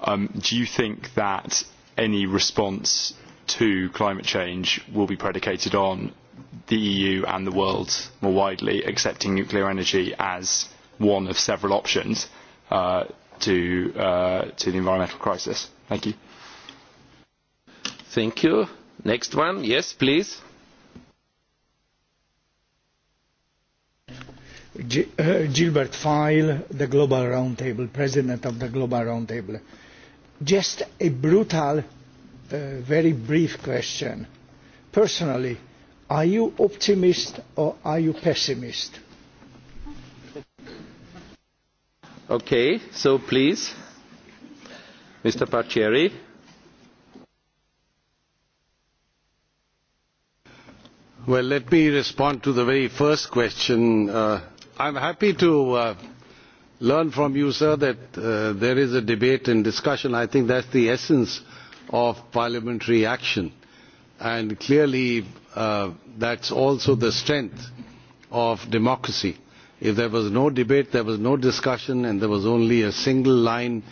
Um, do you think that any response to climate change will be predicated on the EU and the world more widely accepting nuclear energy as one of several options uh, to, uh, to the environmental crisis. Thank you. Thank you. Next one. Yes, please. Gilbert File, the Global Roundtable, President of the Global Roundtable. Just a brutal a very brief question. Personally, are you optimist or are you pessimist? Okay, so please, Mr. Parcieri. Well, let me respond to the very first question. Uh, I'm happy to uh, learn from you, sir, that uh, there is a debate and discussion. I think that's the essence uh, of parliamentary action. And clearly, uh, that's also the strength of democracy. If there was no debate, there was no discussion, and there was only a single line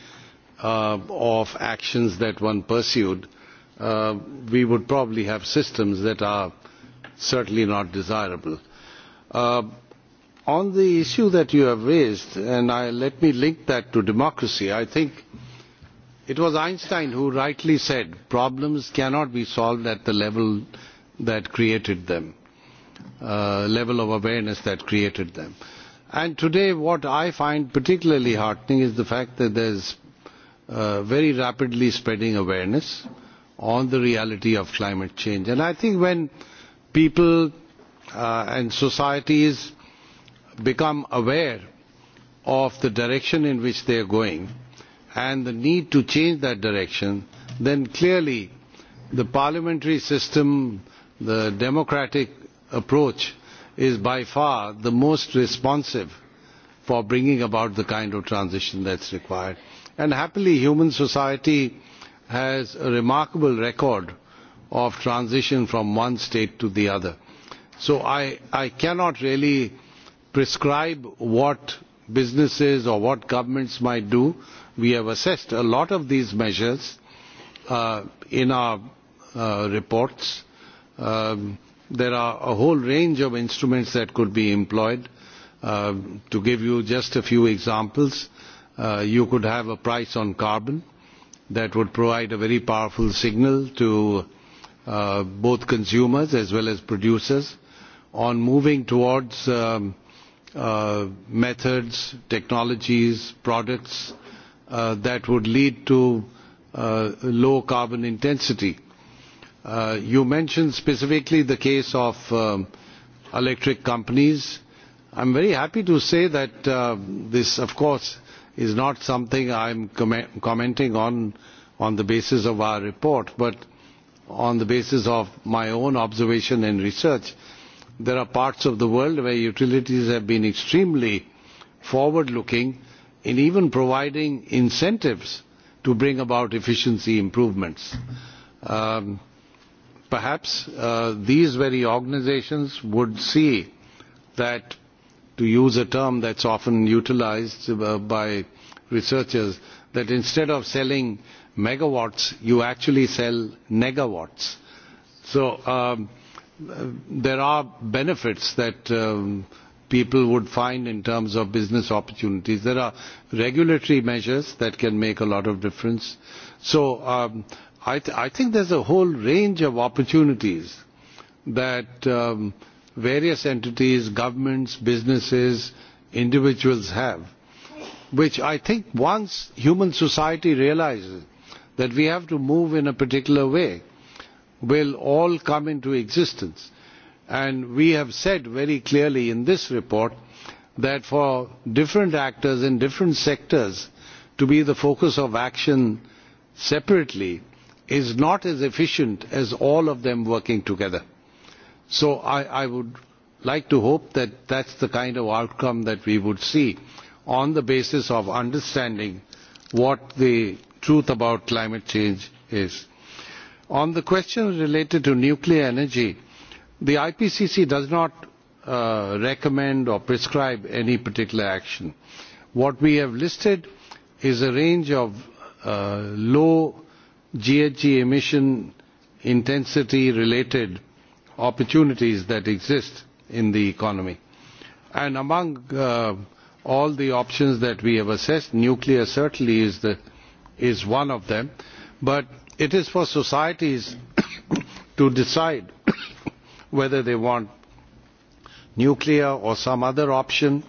uh, of actions that one pursued, uh, we would probably have systems that are certainly not desirable. Uh, on the issue that you have raised, and I, let me link that to democracy, I think It was Einstein who rightly said problems cannot be solved at the level that created them, uh, level of awareness that created them. And today what I find particularly heartening is the fact that there's uh, very rapidly spreading awareness on the reality of climate change. And I think when people uh, and societies become aware of the direction in which they are going, and the need to change that direction, then clearly the parliamentary system, the democratic approach is by far the most responsive for bringing about the kind of transition that is required. And happily, human society has a remarkable record of transition from one state to the other. So I, I cannot really prescribe what businesses or what governments might do. We have assessed a lot of these measures in our reports. there are a whole range of instruments that could be employed. to give you just a few examples, you could have a price on carbon that would provide a very powerful signal to both consumers as well as producers on moving towards um, uh methods, technologies, products that would lead to low carbon intensity. You mentioned specifically the case of electric companies. I am very happy to say that this, of course, is not something I am commenting on on the basis of our report, but on the basis of my own observation and research. There are parts of the world where utilities have been extremely forward looking in even providing incentives to bring about efficiency improvements. perhaps these very organisations would see that, to use a term that's often uh by researchers, that instead of selling megawatts, you actually sell negawatts. So um there are benefits that people would find in terms of business opportunities. There are regulatory measures that can make a lot of difference. So um, I, th- I think there's a whole range of opportunities that um, various entities, governments, businesses, individuals have, which I think once human society realizes that we have to move in a particular way, will all come into existence. And we have said very clearly in this report that for different actors in different sectors to be the focus of action separately is not as efficient as all of them working together. So I, I would like to hope that that's the kind of outcome that we would see on the basis of understanding what the truth about climate change is. On the question related to nuclear energy, the IPCC does not uh, recommend or prescribe any particular action. What we have listed is a range of uh, low GHG emission intensity related opportunities that exist in the economy. And among uh, all the options that we have assessed, nuclear certainly is, the, is one of them. But It is for societies to decide whether they want nuclear or some other option.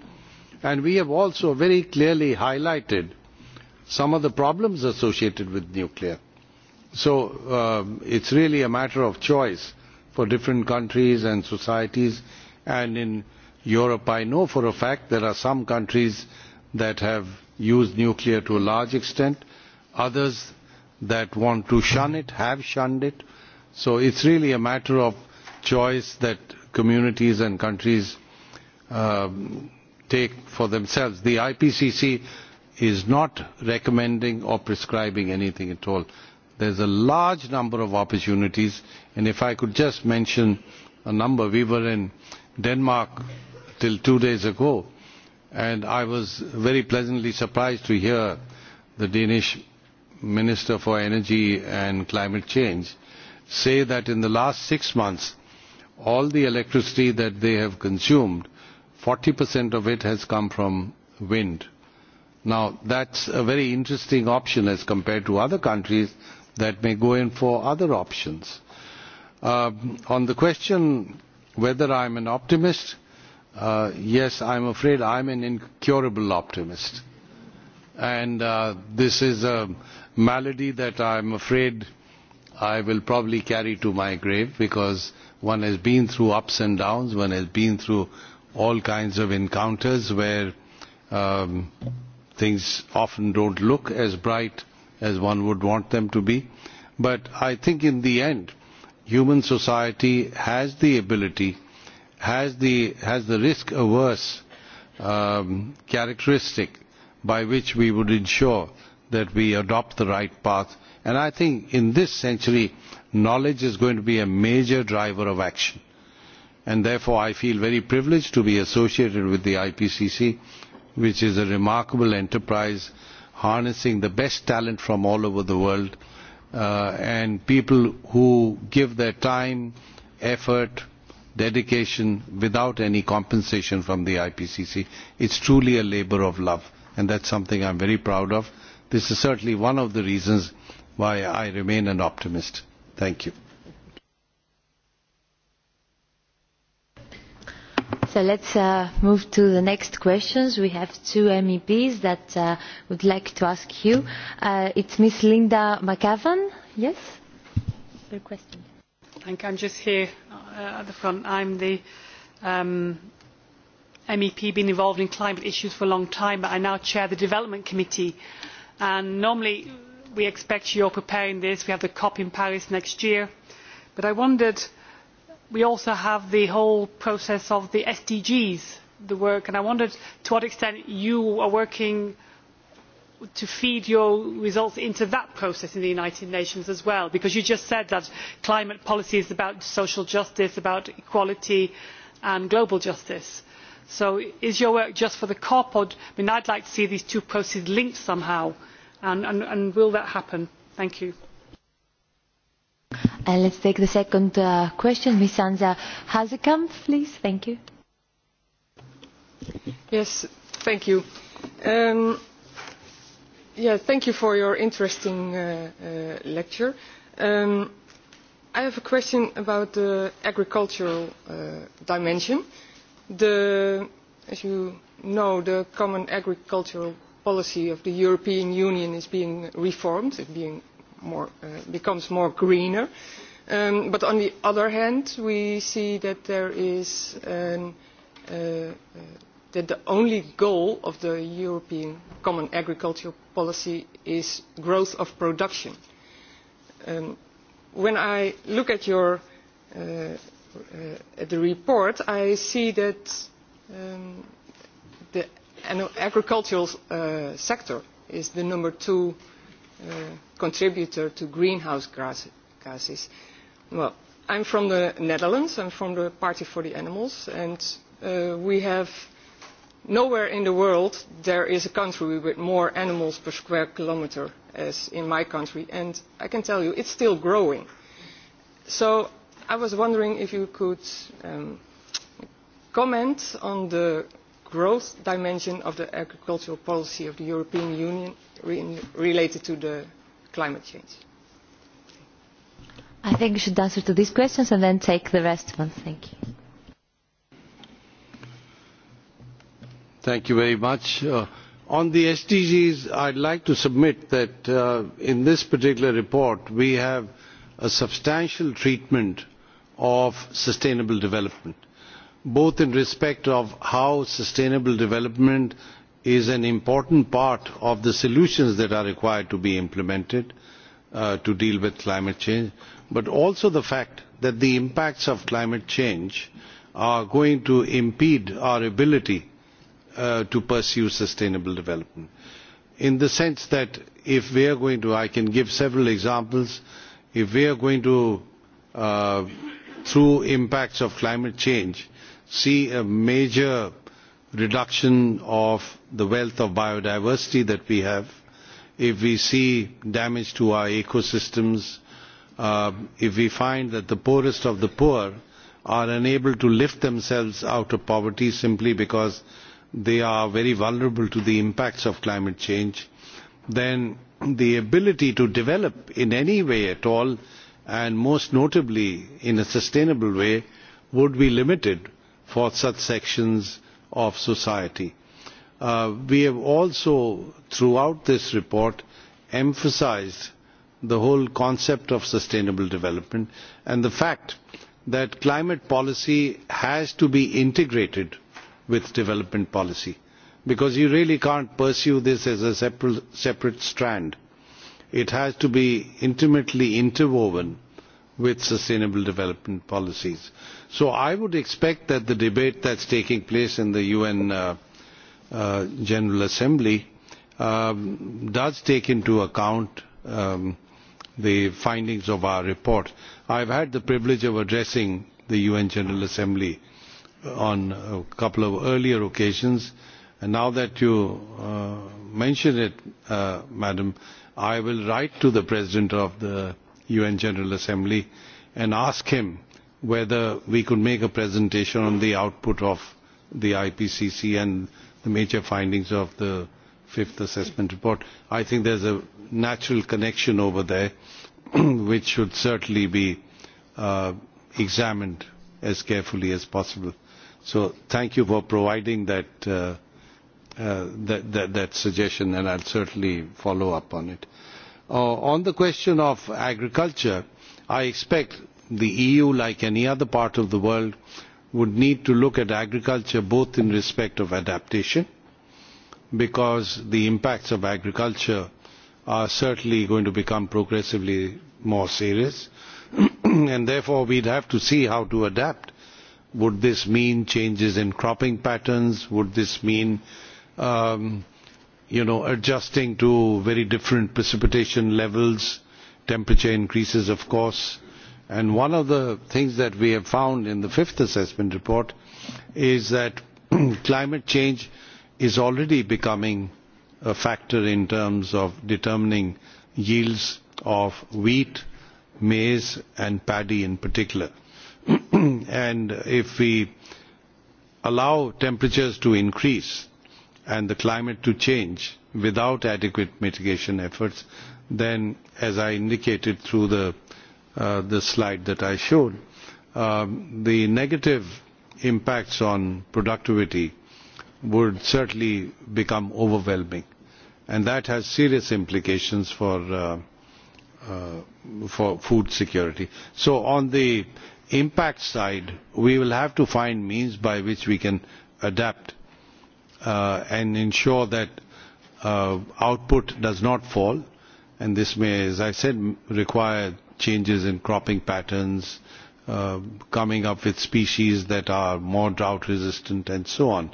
And we have also very clearly highlighted some of the problems associated with nuclear. So it is really a matter of choice for different countries and societies. And in Europe, I know for a fact there are some countries that have used nuclear to a large extent. Others that want to shun it have shunned it. So it's really a matter of choice that communities and countries take for themselves. The IPCC is not recommending or prescribing anything at all. There's a large number of opportunities, and if I could just mention a number, we were in Denmark till two days ago, and I was very pleasantly surprised to hear the Danish Minister for Energy and Climate Change, say that in the last six months, all the electricity that they have consumed, 40% of it has come from wind. Now, that's a very interesting option as compared to other countries that may go in for other options. on the question whether I'm an optimist, uh, yes, I'm afraid I'm an incurable optimist. And uh, this is a malady that I am afraid I will probably carry to my grave because one has been through ups and downs, one has been through all kinds of encounters where um, things often don't look as bright as one would want them to be. But I think in the end, human society has the ability, has the, has the risk averse um, characteristic by which we would ensure that we adopt the right path. And I think in this century, knowledge is going to be a major driver of action. And therefore, I feel very privileged to be associated with the IPCC, which is a remarkable enterprise harnessing the best talent from all over the world and people who give their time, effort, dedication without any compensation from the IPCC. It's truly a labour of love, and that's something I'm very proud of this is certainly one of the reasons why I remain an optimist. Thank you. So let's uh, move to the next questions. We have two MEPs that uh, would like to ask you. Uh, it's Miss Linda McAvan. Yes? Your question. Thank you. I'm just here uh, at the front. I'm the um, MEP, been involved in climate issues for a long time, but I now chair the Development Committee and normally we expect you are preparing this we have the cop in paris next year but i wondered we also have the whole process of the sdgs the work and i wondered to what extent you are working to feed your results into that process in the united nations as well because you just said that climate policy is about social justice about equality and global justice so is your work just for the cop or i would like to see these two processes linked somehow and, and, and will that happen? Thank you. And let's take the second uh, question. Ms. Sanza Hazekamp, please. Thank you. Yes, thank you. Um, yeah, thank you for your interesting uh, uh, lecture. Um, I have a question about the agricultural uh, dimension. The, as you know, the common agricultural policy of the European Union is being reformed, it being more, uh, becomes more greener. but on the other hand, we see that there is an, uh, that the only goal of the European Common Agricultural Policy is growth of production. when I look at your uh, at the report, I see that um, the agricultural sector is the number two contributor to greenhouse gases. Well, I'm from the Netherlands. and from the Party for the Animals, and we have nowhere in the world there is a country with more animals per square kilometer as in my country, and I can tell you it's still growing. So I was wondering if you could um, comment on the growth dimension of the agricultural policy of the European Union related to the climate change? I think you should answer to these questions and then take the rest of them. Thank you. Thank you very much. Uh, on the SDGs, I'd like to submit that uh, in this particular report we have a substantial treatment of sustainable development both in respect of how sustainable development is an important part of the solutions that are required to be implemented to deal with climate change, but also the fact that the impacts of climate change are going to impede our ability to pursue sustainable development. In the sense that if we are going to, I can give several examples, if we are going to, through impacts of climate change, see a major reduction of the wealth of biodiversity that we have, if we see damage to our ecosystems, if we find that the poorest of the poor are unable to lift themselves out of poverty simply because they are very vulnerable to the impacts of climate change, then the ability to develop in any way at all, and most notably in a sustainable way, would be limited for such sections of society. we have also, throughout this report, emphasised the whole concept of sustainable development and the fact that climate policy has to be integrated with development policy because you really can't pursue this as a separate, separate strand. It has to be intimately interwoven with sustainable development policies. So I would expect that the debate that's taking place in the UN uh, uh, General Assembly um, does take into account um, the findings of our report. I've had the privilege of addressing the UN General Assembly on a couple of earlier occasions, and now that you uh, mention it, uh, Madam, I will write to the President of the UN General Assembly and ask him whether we could make a presentation on the output of the IPCC and the major findings of the fifth assessment report. I think there's a natural connection over there which should certainly be uh, examined as carefully as possible. So thank you for providing that, uh, uh, that, that, that suggestion and I'll certainly follow up on it on the question of agriculture, I expect the EU, like any other part of the world, would need to look at agriculture both in respect of adaptation, because the impacts of agriculture are certainly going to become progressively more serious, and therefore we would have to see how to adapt. Would this mean changes in cropping patterns? Would this mean um, you know, adjusting to very different precipitation levels, temperature increases, of course. And one of the things that we have found in the fifth assessment report is that climate change is already becoming a factor in terms of determining yields of wheat, maize and paddy in particular. and if we allow temperatures to increase, and the climate to change without adequate mitigation efforts, then, as I indicated through the, uh, the slide that I showed, uh, the negative impacts on productivity would certainly become overwhelming. And that has serious implications for, uh, uh, for food security. So on the impact side, we will have to find means by which we can adapt uh and ensure that uh output does not fall. And this may, as I said, require changes in cropping patterns, uh coming up with species that are more drought resistant and so on.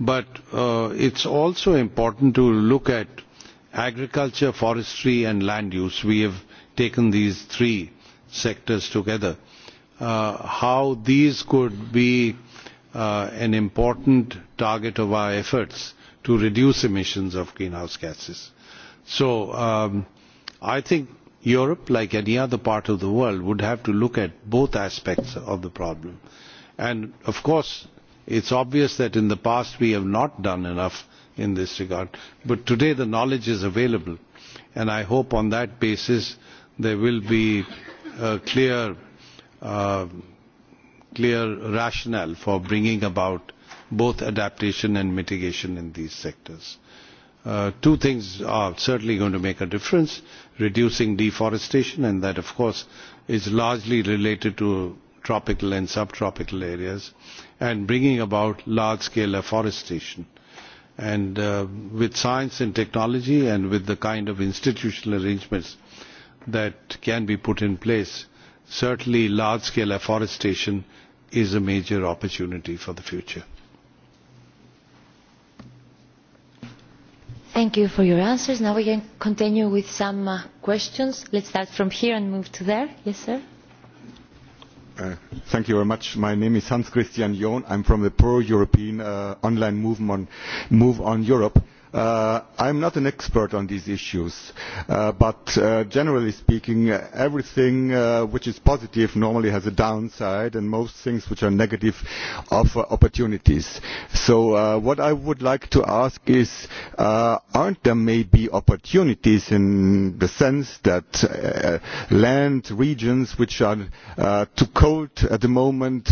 But uh it's also important to look at agriculture, forestry and land use. We have taken these three sectors together. Uh how these could be an important target of our efforts to reduce emissions of greenhouse gases. So I think Europe, like any other part of the world, would have to look at both aspects of the problem. And of course, it is obvious that in the past we have not done enough in this regard. But today the knowledge is available, and I hope on that basis there will be a clear clear rationale for bringing about both adaptation and mitigation in these sectors. two things are certainly going to make a difference, reducing deforestation, and that, of course, is largely related to tropical and subtropical areas, and bringing about large-scale afforestation. And with science and technology and with the kind of institutional arrangements that can be put in place, certainly large-scale afforestation is a major opportunity for the future. Thank you for your answers. Now we can continue with some uh, questions. Let's start from here and move to there. Yes, sir. Uh, thank you very much. My name is Hans Christian Jon. I'm from the pro-European uh, online movement, Move on Europe I am not an expert on these issues, but generally speaking, everything which is positive normally has a downside, and most things which are negative offer opportunities. So what I would like to ask is, aren't there maybe opportunities in the sense that land regions which are too cold at the moment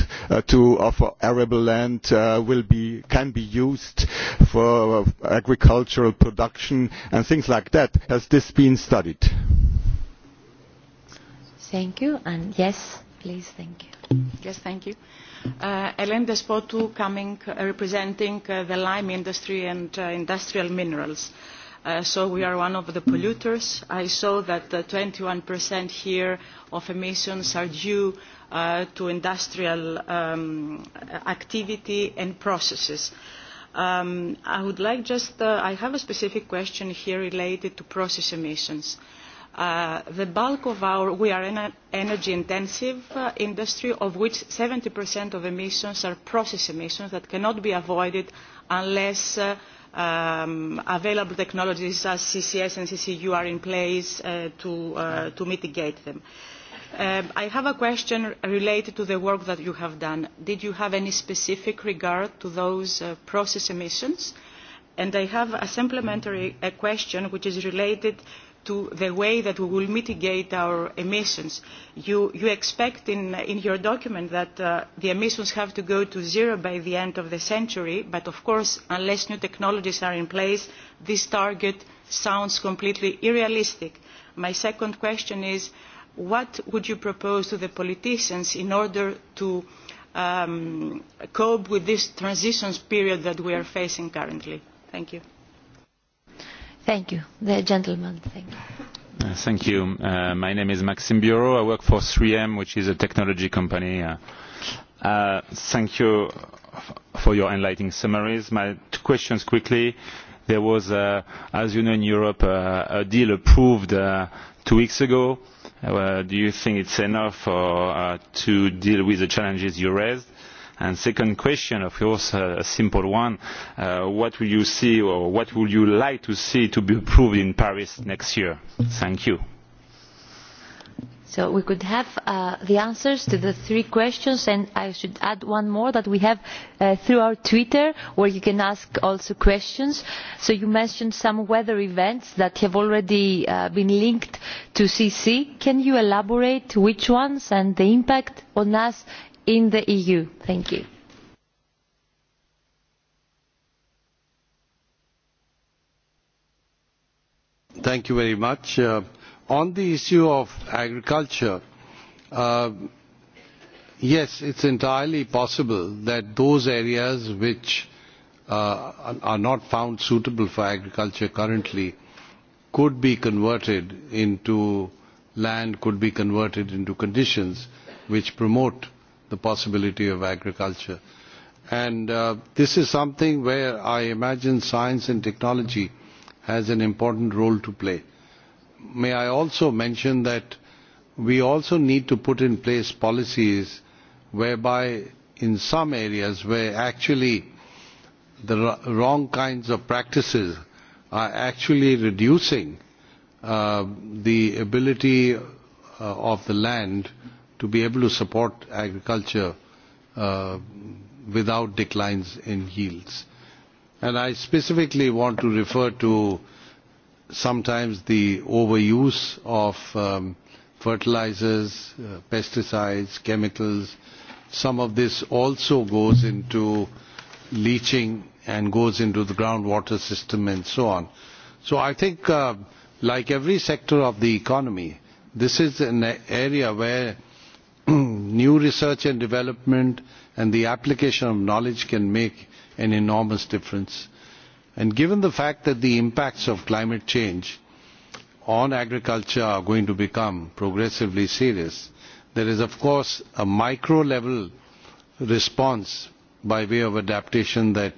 to offer arable land can be used for agriculture agricultural production and things like that. Has this been studied? Thank you. And yes, please, thank you. Yes, thank you. Uh, Ellen Despotu coming, uh, representing uh, the lime industry and uh, industrial minerals. Uh, so we are one of the polluters. I saw that uh, 21% here of emissions are due uh, to industrial um, activity and processes. Uh, Um, I would like just, uh, I have a specific question here related to process emissions. Uh, the bulk of our, we are an energy intensive uh, industry of which 70% of emissions are process emissions that cannot be avoided unless uh, um, available technologies as CCS and CCU are in place uh, to, uh, to mitigate them. Uh, I have a question related to the work that you have done. Did you have any specific regard to those process emissions? And I have a supplementary question which is related to the way that we will mitigate our emissions. You, you expect in, in your document that uh, the emissions have to go to zero by the end of the century, but of course, unless new technologies are in place, this target sounds completely unrealistic. My second question is, what would you propose to the politicians in order to cope with this transition period that we are facing currently? Thank you. Thank you. The gentleman, thank you. Thank you. Uh, my name is Maxim Bureau. I work for 3M, which is a technology company. Uh, uh, thank you for your enlightening summaries. My two questions quickly. There was, uh, as you know, in Europe, uh, a deal approved uh, two weeks ago do you think it's enough to deal with the challenges you raised? And second question, of course, a simple one. What will you see or what would you like to see to be approved in Paris next year? Thank you. So we could have uh, the answers to the three questions, and I should add one more that we have uh, through our Twitter, where you can ask also questions. So you mentioned some weather events that have already uh, been linked to CC. Can you elaborate which ones and the impact on us in the EU? Thank you. Thank you very much. Uh, on the issue of agriculture yes it is entirely possible that those areas which are not found suitable for agriculture currently could be converted into land could be converted into conditions which promote the possibility of agriculture and this is something where i imagine science and technology has an important role to play may I also mention that we also need to put in place policies whereby in some areas where actually the wrong kinds of practices are actually reducing the ability of the land to be able to support agriculture without declines in yields. And I specifically want to refer to sometimes the overuse of um, fertilizers, uh, pesticides, chemicals. Some of this also goes into leaching and goes into the groundwater system and so on. So I think, uh, like every sector of the economy, this is an area where new research and development and the application of knowledge can make an enormous difference given the fact that the impacts of climate change on agriculture are going to become progressively serious, there is of course a micro level response by way of adaptation that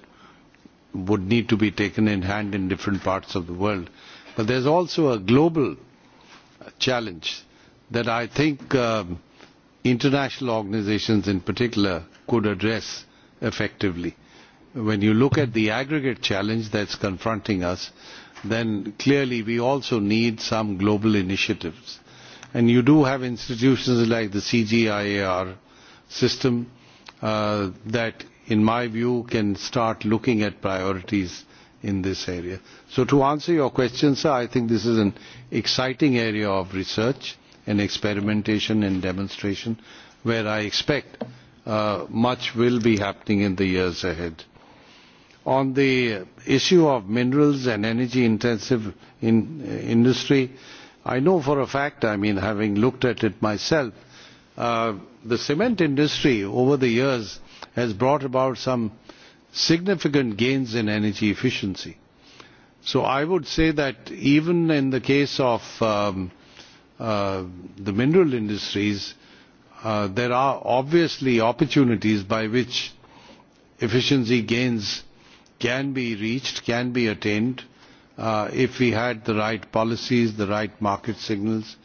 would need to be taken in hand in different parts of the world. But there is also a global challenge that I think international organisations in particular could address effectively when you look at the aggregate challenge that's confronting us, then clearly we also need some global initiatives. And you do have institutions like the CGIAR system uh, that, in my view, can start looking at priorities in this area. So to answer your question, sir, I think this is an exciting area of research and experimentation and demonstration where I expect uh, much will be happening in the years ahead on the issue of minerals and energy intensive in uh industry, I know for a fact, I mean, having looked at it myself, uh the cement industry over the years has brought about some significant gains in energy efficiency. So I would say that even in the case of um uh the mineral industries, uh there are obviously opportunities by which efficiency gains can be reached, can be attained uh, if we had the right policies, the right market signals.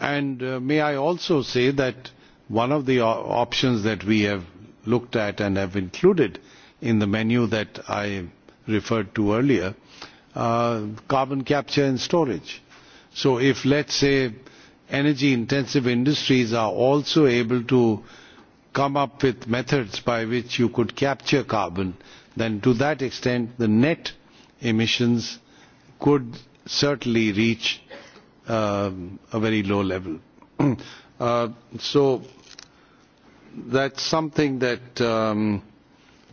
And uh, may I also say that one of the options that we have looked at and have included in the menu that I referred to earlier, uh, carbon capture and storage. So if, let's say, energy intensive industries are also able to come up with methods by which you could capture carbon then to that extent the net emissions could certainly reach um, a very low level. uh, so that's something that, um,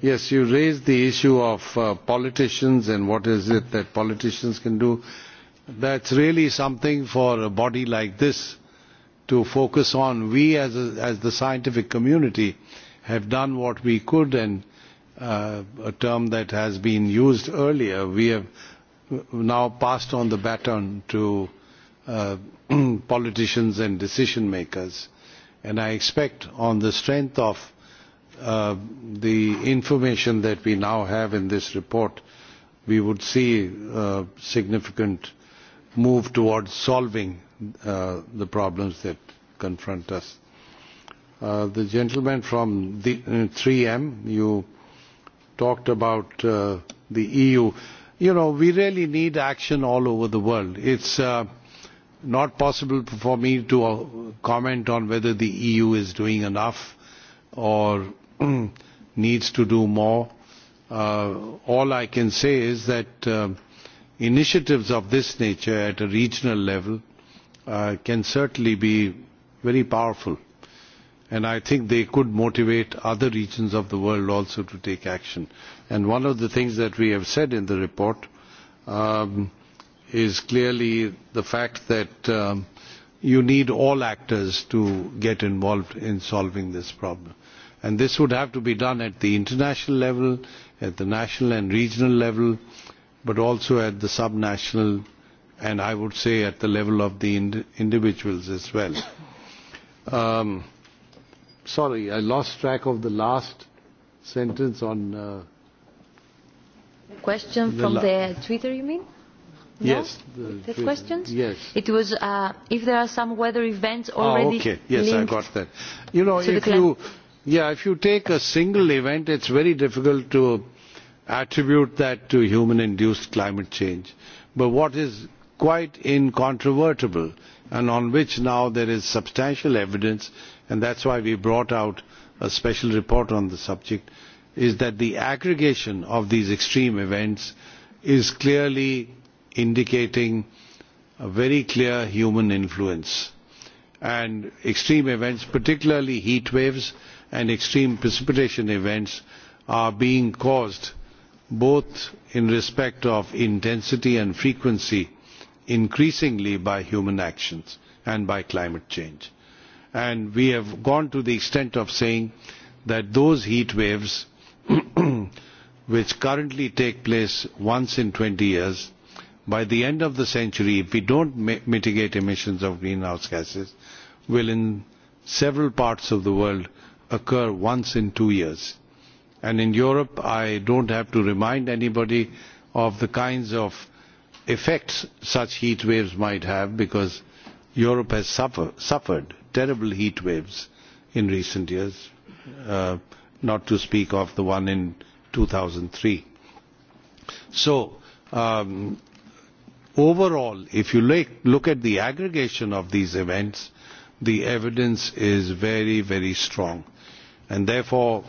yes, you raised the issue of uh, politicians and what is it that politicians can do. That's really something for a body like this to focus on. We as, a, as the scientific community have done what we could and uh, a term that has been used earlier. We have now passed on the baton to uh, politicians and decision makers. And I expect on the strength of uh, the information that we now have in this report, we would see a significant move towards solving uh, the problems that confront us. Uh, the gentleman from the, uh, 3M, you talked about uh, the EU. You know, we really need action all over the world. It's uh, not possible for me to uh comment on whether the EU is doing enough or needs to do more. Uh, all I can say is that uh, initiatives of this nature at a regional level uh, can certainly be very powerful and I think they could motivate other regions of the world also to take action. And one of the things that we have said in the report is clearly the fact that you need all actors to get involved in solving this problem. And this would have to be done at the international level, at the national and regional level, but also at the subnational and I would say at the level of the individuals as well. Um, sorry, I lost track of the last sentence on. Uh, question from the Twitter, you mean? Yes. The, the questions? Yes. It was uh, if there are some weather events already. Ah, okay. Yes, linked I got that. You know, if you, yeah, if you take a single event, it's very difficult to attribute that to human-induced climate change. But what is quite incontrovertible, and on which now there is substantial evidence, and that is why we brought out a special report on the subject, is that the aggregation of these extreme events is clearly indicating a very clear human influence. And extreme events, particularly heat waves and extreme precipitation events, are being caused both in respect of intensity and frequency increasingly by human actions and by climate change and we have gone to the extent of saying that those heat waves which currently take place once in 20 years, by the end of the century, if we don't mitigate emissions of greenhouse gases, will in several parts of the world occur once in two years. And in Europe, I don't have to remind anybody of the kinds of effects such heat waves might have because Europe has suffered terrible heat waves in recent years, uh, not to speak of the one in 2003. So, um, overall, if you look, look at the aggregation of these events, the evidence is very, very strong. And therefore,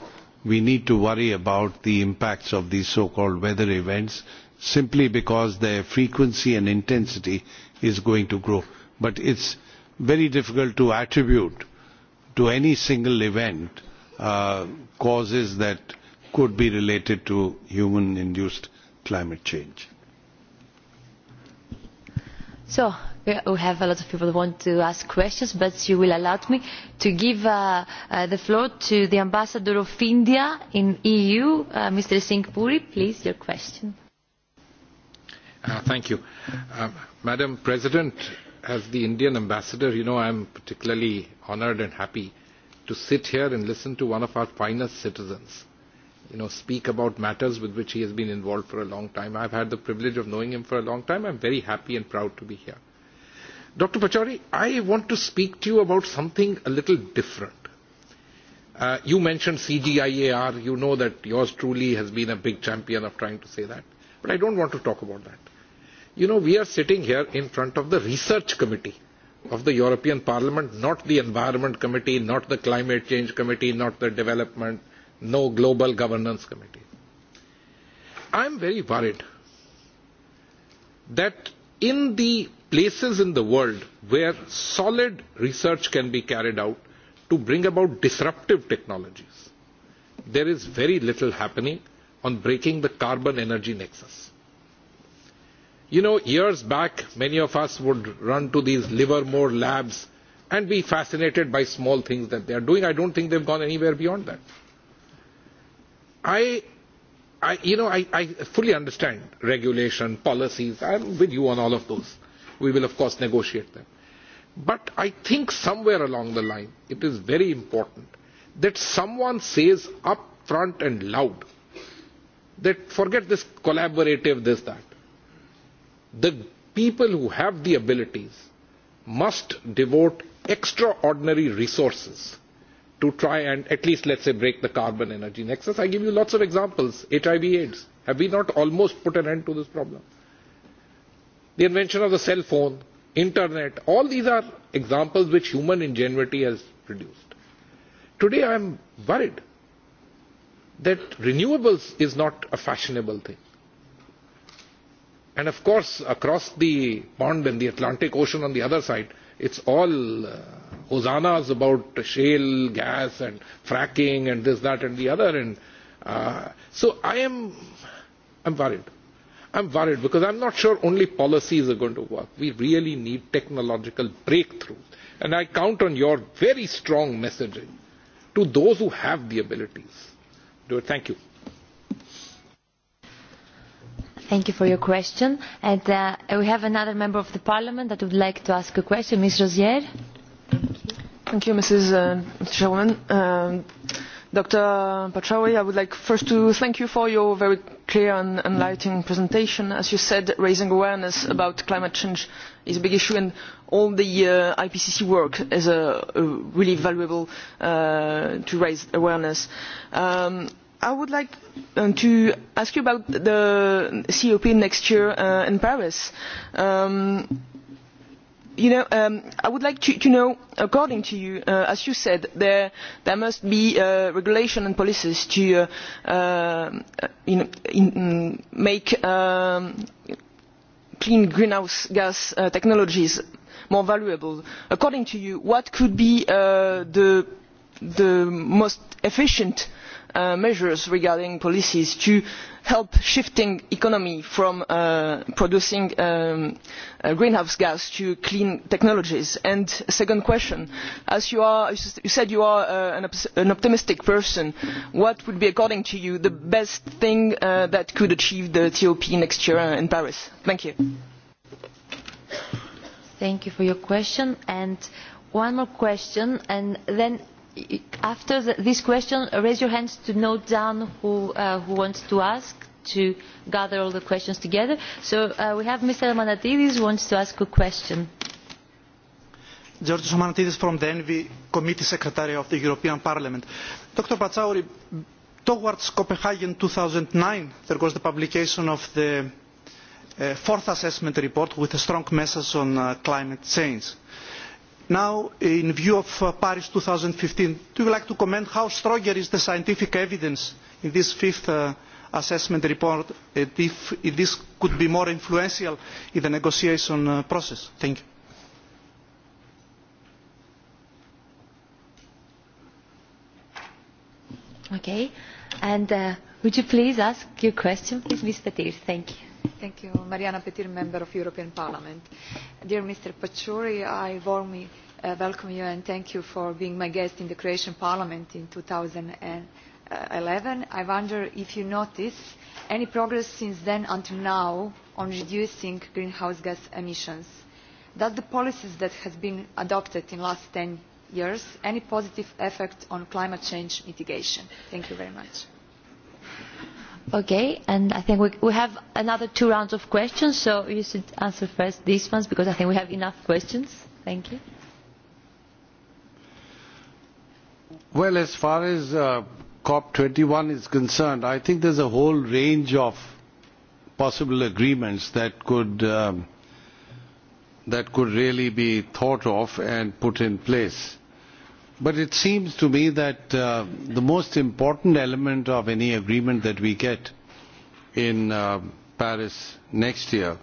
we need to worry about the impacts of these so-called weather events simply because their frequency and intensity is going to grow. But it's very difficult to attribute to any single event uh causes that could be related to human induced climate change. So we have a lot of people who want to ask questions, but you will allow me to give uh, uh, the floor to the ambassador of India in EU, uh, Mr. Singh Puri. Please, your question. Uh, thank you. Uh, Madam President, as the Indian ambassador, you know, I'm particularly honored and happy to sit here and listen to one of our finest citizens, you know, speak about matters with which he has been involved for a long time. I've had the privilege of knowing him for a long time. I'm very happy and proud to be here. Dr. Pachori, I want to speak to you about something a little different. Uh, you mentioned CGIAR. You know that yours truly has been a big champion of trying to say that. But I don't want to talk about that. You know, we are sitting here in front of the research committee of the European Parliament, not the Environment Committee, not the Climate Change Committee, not the Development, no Global Governance Committee. I am very worried that in the places in the world where solid research can be carried out to bring about disruptive technologies, there is very little happening on breaking the carbon energy nexus. You know, years back, many of us would run to these Livermore labs and be fascinated by small things that they are doing. I don't think they've gone anywhere beyond that. I, I you know, I, I fully understand regulation, policies. I'm with you on all of those. We will, of course, negotiate them. But I think somewhere along the line, it is very important that someone says up front and loud that forget this collaborative, this, that the people who have the abilities must devote extraordinary resources to try and at least let's say break the carbon energy nexus. I give you lots of examples. HIV AIDS. Have we not almost put an end to this problem? The invention of the cell phone, internet, all these are examples which human ingenuity has produced. Today I am worried that renewables is not a fashionable thing and of course across the pond and the atlantic ocean on the other side it's all uh, hosannas about shale gas and fracking and this that and the other and uh, so i am i'm worried i'm worried because i'm not sure only policies are going to work we really need technological breakthrough and i count on your very strong messaging to those who have the abilities do it thank you Thank you for your question. And uh, we have another member of the parliament that would like to ask a question. Ms. Rosier. Thank you, Mrs. Uh, Chairwoman. Um, Dr. Pachauri, I would like first to thank you for your very clear and enlightening presentation. As you said, raising awareness about climate change is a big issue and all the uh, IPCC work is a, really valuable uh, to raise awareness. Um, i would like to ask you about the cop next year in paris. i would like to know according to you as you said there must be regulation and policies to make clean greenhouse gas technologies more valuable. according to you what could be the most efficient measures regarding policies to help shift the economy from producing greenhouse gas to clean technologies? and second question as you said you are an optimistic person what would be according to you the best thing that could achieve the top next year in paris? thank you. thank you for your question one more question and then after this question raise your hands to note down who wants to ask to gather all the questions together. So we have Mr. Manatidis who wants to ask a question. George Manatidis from the Envy Committee Secretary of the European Parliament. Dr. Patsauri, towards Copenhagen two thousand nine there was the publication of the fourth assessment report with a strong message on climate change Now, in view of Paris fifteen, do you like to comment how stronger is the scientific evidence in this fifth assessment report and if this could be more influential in the negotiation process? Thank you. Okay. And would you please ask your question, please, Mr. Deer? Thank you. Thank you. Mariana Petir, Member of the European Parliament. Dear Mr. Pachouri, I warmly welcome you and thank you for being my guest in the Croatian Parliament in eleven. I wonder if you notice any progress since then until now on reducing greenhouse gas emissions. Does the policies that have been adopted in the last ten years any positive effect on climate change mitigation? Thank you very much Okay, and I think we, we have another two rounds of questions, so you should answer first these ones because I think we have enough questions. Thank you. Well, as far as uh, COP21 is concerned, I think there's a whole range of possible agreements that could um, that could really be thought of and put in place But it seems to me that uh, the most important element of any agreement that we get in uh, Paris next year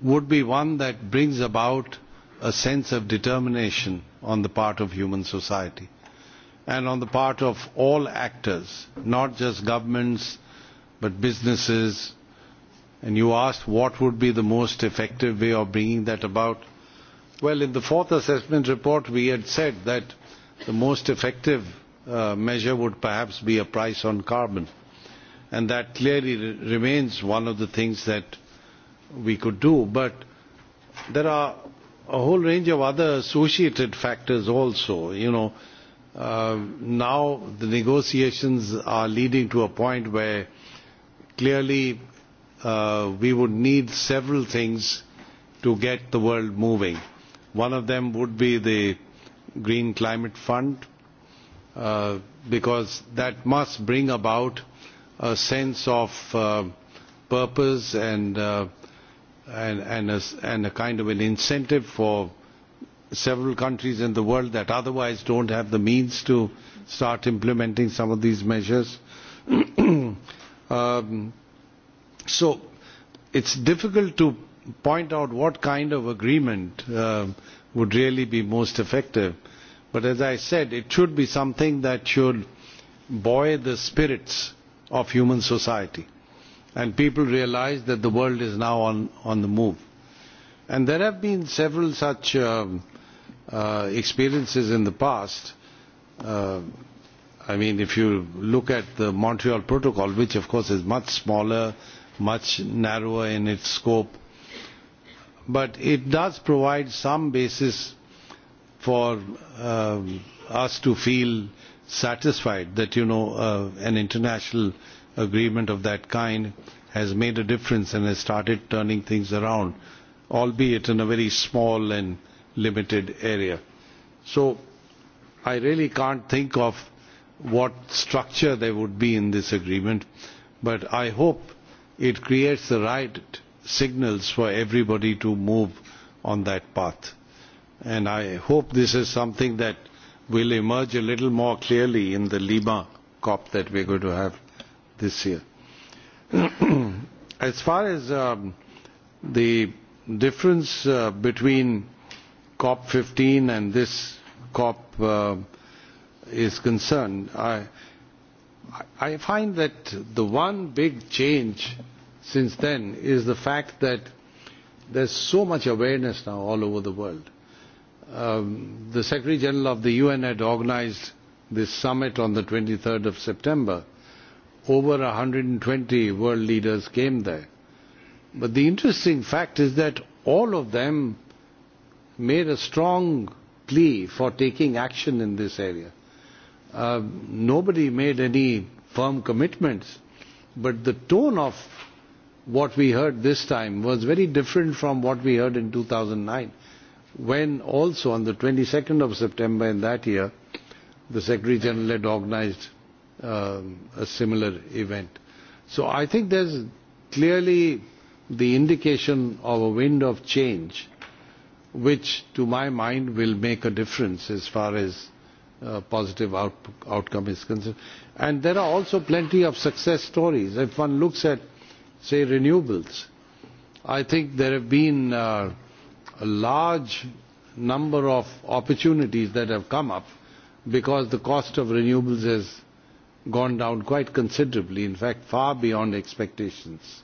would be one that brings about a sense of determination on the part of human society and on the part of all actors, not just governments, but businesses. And you asked what would be the most effective way of bringing that about. Well, in the fourth assessment report, we had said that the most effective measure would perhaps be a price on carbon. And that clearly remains one of the things that we could do. But there are a whole range of other associated factors also. You know, uh now the negotiations are leading to a point where clearly uh we would need several things to get the world moving. One of them would be the Green Climate Fund because that must bring about a sense of purpose and, and, and, a, and a kind of an incentive for several countries in the world that otherwise don't have the means to start implementing some of these measures. um, so it's difficult to point out what kind of agreement uh, would really be most effective. But as I said, it should be something that should buoy the spirits of human society. And people realize that the world is now on, on the move. And there have been several such um, uh, experiences in the past. Uh, I mean, if you look at the Montreal Protocol, which of course is much smaller, much narrower in its scope, but it does provide some basis for us to feel satisfied that you know an international agreement of that kind has made a difference and has started turning things around albeit in a very small and limited area so i really can't think of what structure there would be in this agreement but i hope it creates the right signals for everybody to move on that path. And I hope this is something that will emerge a little more clearly in the Lima COP that we're going to have this year. as far as um, the difference uh, between COP 15 and this COP uh, is concerned, I, I find that the one big change since then is the fact that there's so much awareness now all over the world. Um, the Secretary General of the UN had organized this summit on the 23rd of September. Over 120 world leaders came there. But the interesting fact is that all of them made a strong plea for taking action in this area. Uh, nobody made any firm commitments, but the tone of what we heard this time was very different from what we heard in 2009, when also on the 22nd of September in that year, the Secretary General had organized um, a similar event. So I think there's clearly the indication of a wind of change, which to my mind will make a difference as far as uh, positive out outcome is concerned. And there are also plenty of success stories. If one looks at say, renewables. I think there have been uh, a large number of opportunities that have come up because the cost of renewables has gone down quite considerably, in fact, far beyond expectations.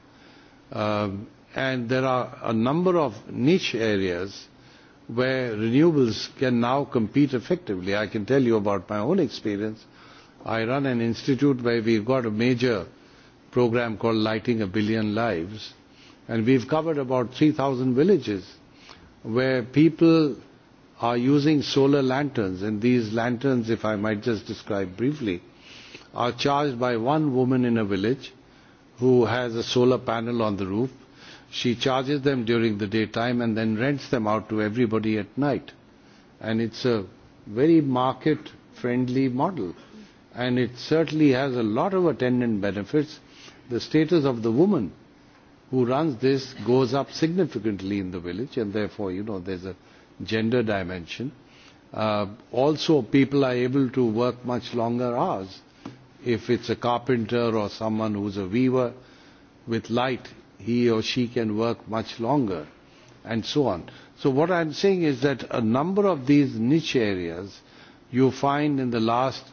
Um, and there are a number of niche areas where renewables can now compete effectively. I can tell you about my own experience. I run an institute where we've got a major program called Lighting a Billion Lives. And we've covered about 3,000 villages where people are using solar lanterns. And these lanterns, if I might just describe briefly, are charged by one woman in a village who has a solar panel on the roof. She charges them during the daytime and then rents them out to everybody at night. And it's a very market friendly model. And it certainly has a lot of attendant benefits the status of the woman who runs this goes up significantly in the village, and therefore, you know, there's a gender dimension. Uh, also, people are able to work much longer hours. If it's a carpenter or someone who's a weaver with light, he or she can work much longer, and so on. So what I'm saying is that a number of these niche areas you find in the last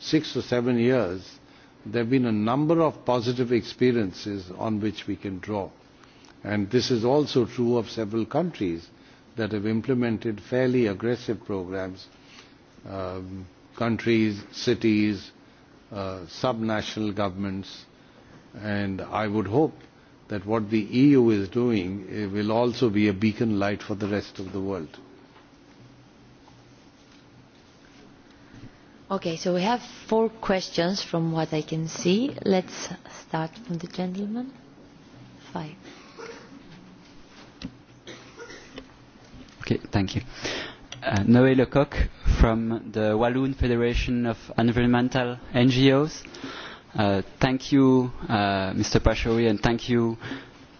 six or seven years there have been a number of positive experiences on which we can draw. And this is also true of several countries that have implemented fairly aggressive programs. Um, countries, cities, uh, sub national governments, and I would hope that what the EU is doing will also be a beacon light for the rest of the world. Okay, so we have four questions from what I can see. Let's start from the gentleman. Five. Okay, thank you. Uh, Noé Lecoq from the Walloon Federation of Environmental NGOs. Uh, thank you, uh, Mr. Pashori, and thank you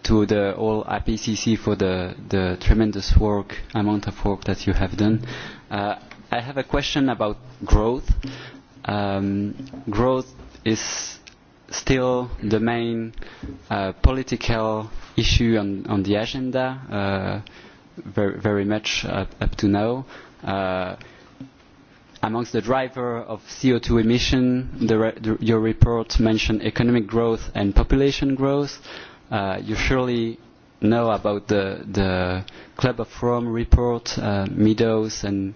to the all IPCC for the, the tremendous work, amount of work that you have done. Uh, I have a question about growth. Um, growth is still the main uh, political issue on, on the agenda, uh, very, very much up, up to now. Uh, amongst the driver of CO2 emission, the re the, your report mentioned economic growth and population growth. Uh, you surely know about the, the Club of Rome report, uh, Meadows and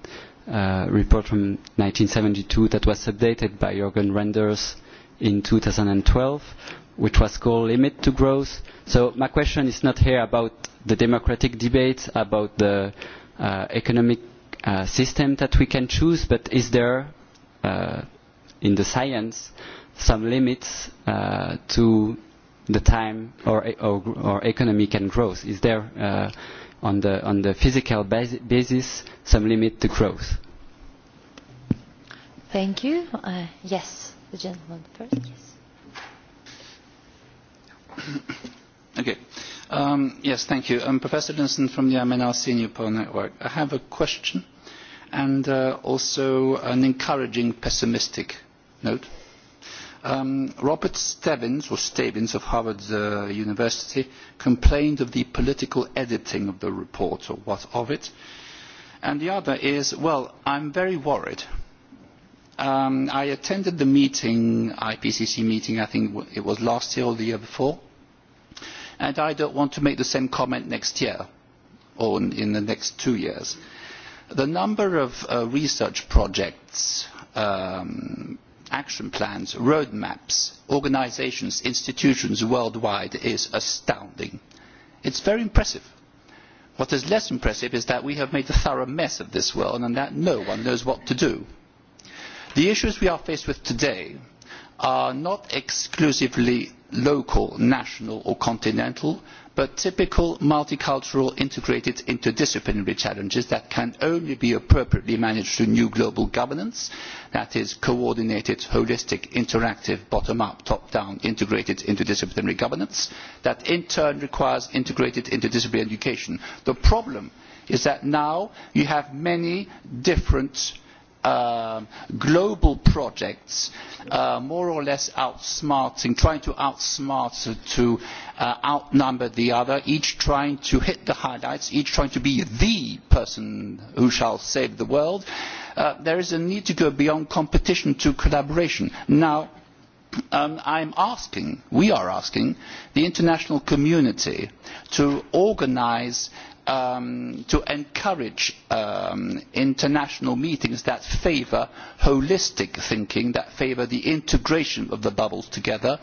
uh, report from 1972 that was updated by Jorgen Renders in 2012, which was called Limit to Growth. So my question is not here about the democratic debate, about the uh, economic uh, system that we can choose, but is there uh, in the science some limits uh, to the time or, or, or economy can growth? Is there uh, on the, on the physical basi- basis some limit to growth. Thank you. Uh, yes, the gentleman first. Yes. Okay. Um, yes, thank you. I'm Professor Dinson from the Senior Newport Network. I have a question and uh, also an encouraging pessimistic note Robert Stebbins, or Stebbins of Harvard University, complained of the political editing of the report, or what of it. And the other is, well, I'm very worried. I attended the meeting, IPCC meeting, I think it was last year or the year before, and I don't want to make the same comment next year or in the next two years. The number of research projects um, action plans, roadmaps, organisations, institutions worldwide is astounding. It is very impressive. What is less impressive is that we have made a thorough mess of this world and that no one knows what to do. The issues we are faced with today are not exclusively local, national or continental, but typical multicultural integrated interdisciplinary challenges that can only be appropriately managed through new global governance, that is coordinated, holistic, interactive, bottom-up, top-down, integrated interdisciplinary governance, that in turn requires integrated interdisciplinary education. The problem is that now you have many different global projects more or less outsmarting, trying to outsmart, to outnumber the other, each trying to hit the highlights, each trying to be the person who shall save the world. there is a need to go beyond competition to collaboration. Now, I am asking, we are asking, the international community to organise to encourage international meetings that favour holistic thinking, that favour the integration of the bubbles together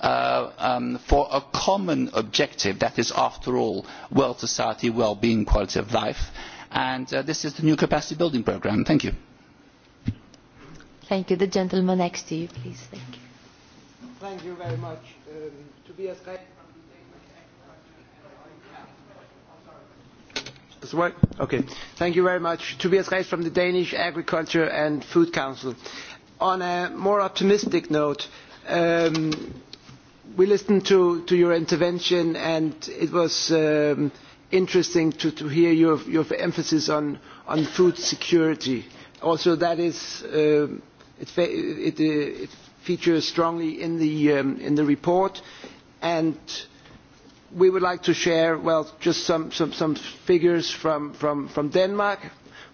for a common objective that is, after all, world society, well-being, quality of life. And this is the new capacity building programme. Thank you. Thank you. The gentleman next to you, please. Thank you. Thank you very much. Thank you very much. Tobias Reis from the Danish Agriculture and Food Council. On a more optimistic note, we listened to, your intervention and it was interesting to, hear your, your emphasis on, food security. Also, that is, uh, it, it, it features strongly in the report and we would like to share well, just some, some, some figures from, from, from Denmark,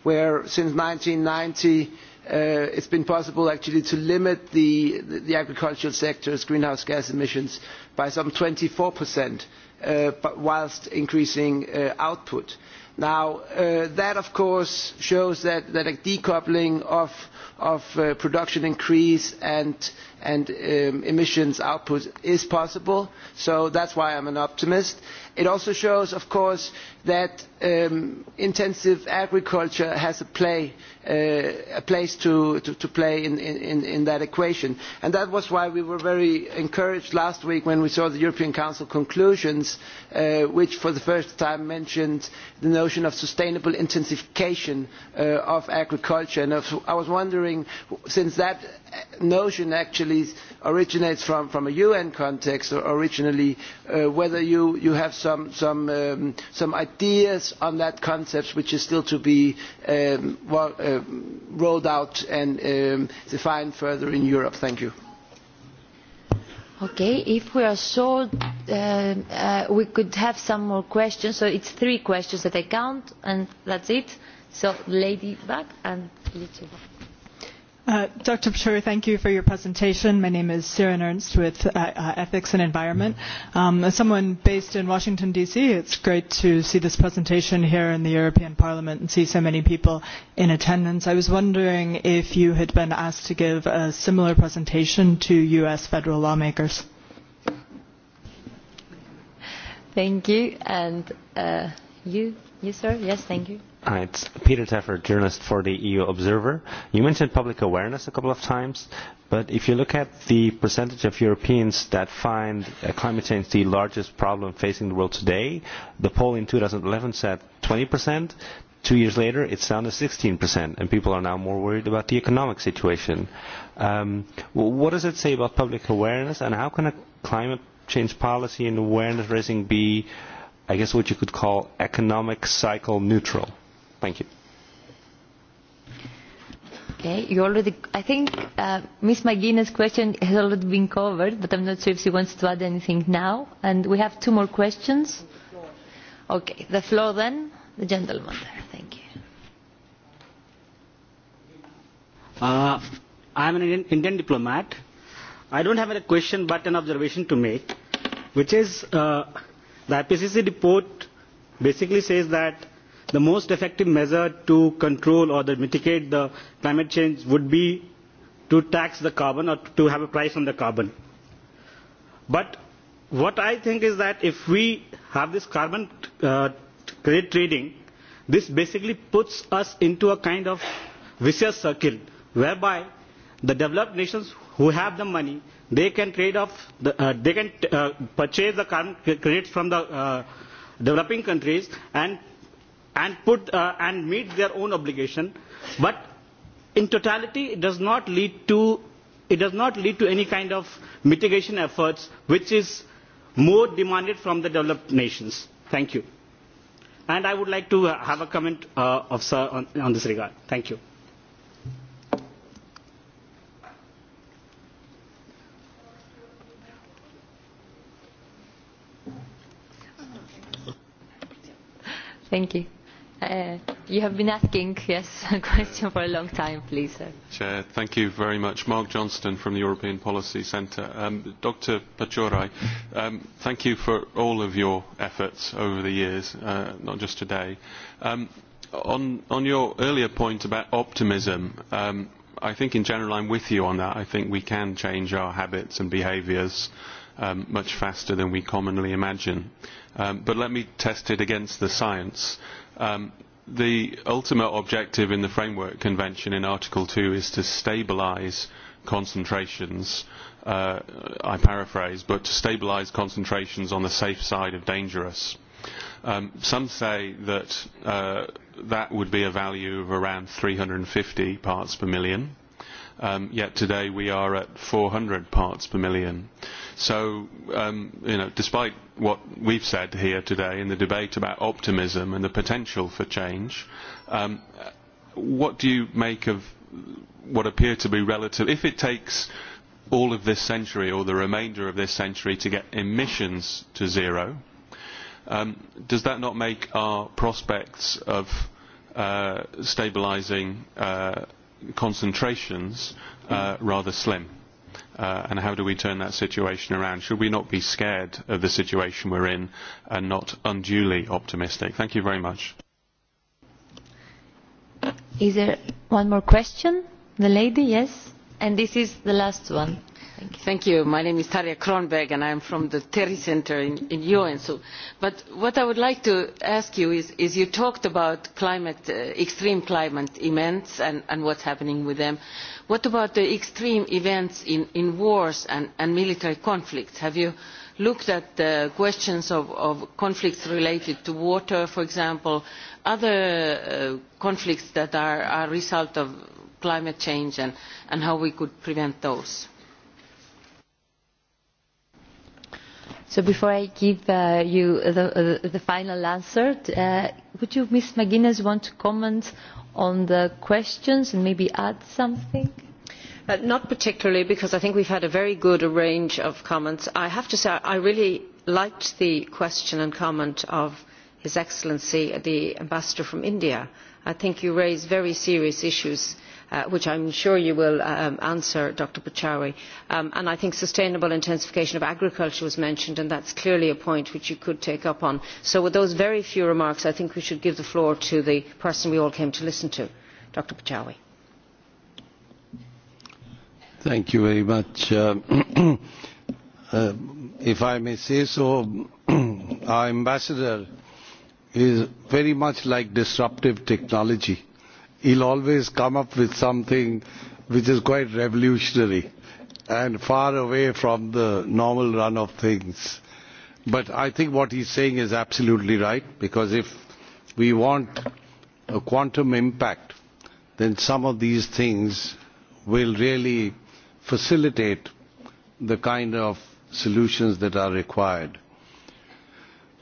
where since 1990 uh, it's been possible actually to limit the, the agricultural sector's greenhouse gas emissions by some 24%, uh, but whilst increasing uh, output. Now, uh, that of course shows that, that a decoupling of of production increase and emissions output is possible so that is why i am an optimist. it also shows of course that intensive agriculture has a place to play in that equation and that was why we were very encouraged last week when we saw the european council conclusions which for the first time mentioned the notion of sustainable intensification of agriculture. i was wondering wondering, since that notion actually originates from, from a UN context originally, uh, whether you, you have some, some, um, some ideas on that concept which is still to be um, well, uh, rolled out and um, defined further in Europe. Thank you. Okay, if we are short, uh, uh, we could have some more questions. So it's three questions that I count, and that's it. So lady back and little back. Dr. Pachur, thank you for your presentation. My name is Sarah Ernst with uh, uh, Ethics and Environment. Um, as someone based in Washington, D.C., it's great to see this presentation here in the European Parliament and see so many people in attendance. I was wondering if you had been asked to give a similar presentation to U.S. federal lawmakers. Thank you. And uh, you, you, sir? Yes, thank you. Hi, it's Peter Teffer, journalist for the EU Observer. You mentioned public awareness a couple of times, but if you look at the percentage of Europeans that find climate change the largest problem facing the world today, the poll in 2011 said 20%. Two years later, it's down to 16%, and people are now more worried about the economic situation. Um, what does it say about public awareness, and how can a climate change policy and awareness raising be, I guess, what you could call economic cycle neutral? Thank you. Okay, you already, I think uh, Ms. McGuinness' question has already been covered, but I'm not sure if she wants to add anything now. And we have two more questions. Okay, the floor then, the gentleman there. Thank you. Uh, I'm an Indian, Indian diplomat. I don't have a question but an observation to make, which is uh, the IPCC report basically says that the most effective measure to control or to mitigate the climate change would be to tax the carbon or to have a price on the carbon. But what I think is that if we have this carbon uh, credit trading, this basically puts us into a kind of vicious circle whereby the developed nations who have the money they can trade off the, uh, they can uh, purchase the carbon credits from the uh, developing countries and and put uh, and meet their own obligation but in totality it does not lead to it does not lead to any kind of mitigation efforts which is more demanded from the developed nations thank you and i would like to have a comment uh, of sir on, on this regard thank you Thank you. Uh, you have been asking, yes, a question for a long time, please. Sir. Chair, thank you very much. Mark Johnston from the European Policy Centre. Um, Dr Pachorai, um, thank you for all of your efforts over the years, uh, not just today. Um, on, on your earlier point about optimism, um, I think in general I'm with you on that. I think we can change our habits and behaviours um, much faster than we commonly imagine. Um, but let me test it against the science Um, the ultimate objective in the Framework Convention in Article 2 is to stabilise concentrations, uh, I paraphrase, but to stabilise concentrations on the safe side of dangerous. Um, some say that uh, that would be a value of around 350 parts per million. Uh, um, yet today we are at 400 parts per million. So, um, you know, despite what we've said here today in the debate about optimism and the potential for change, um, what do you make of what appear to be relative? If it takes all of this century or the remainder of this century to get emissions to zero, um, does that not make our prospects of uh, stabilising uh, concentrations uh, rather slim? Uh, and how do we turn that situation around? Should we not be scared of the situation we're in and not unduly optimistic? Thank you very much. Is there one more question? The lady, yes? And this is the last one. My name is Tarja Kronberg, and I am from the Terry Centre in, Joensuu. But what I would like to ask you is, this you talked about extreme climate events and, what is happening with them. What about the extreme events in, wars and, and military conflicts? Have you looked at the questions of conflicts related to water for example other conflicts that are a result of climate change and how we could prevent those? So before I give uh, you the, the, the final answer, uh, would you, Ms. McGuinness, want to comment on the questions and maybe add something? not particularly because i think we have had a very good range of comments. i have to say i really liked the question and comment of his excellency the ambassador from india. i think you raise very serious issues which I am sure you will answer, Dr. Pachauri. I think sustainable intensification of agriculture was mentioned, and that is clearly a point which you could take up on. So with those very few remarks, I think we should give the floor to the person we all came to listen to, Dr. Pachauri. Thank you very much. if I may say so, our ambassador is very much like disruptive technology he'll always come up with something which is quite revolutionary and far away from the normal run of things. But I think what he's saying is absolutely right, because if we want a quantum impact, then some of these things will really facilitate the kind of solutions that are required.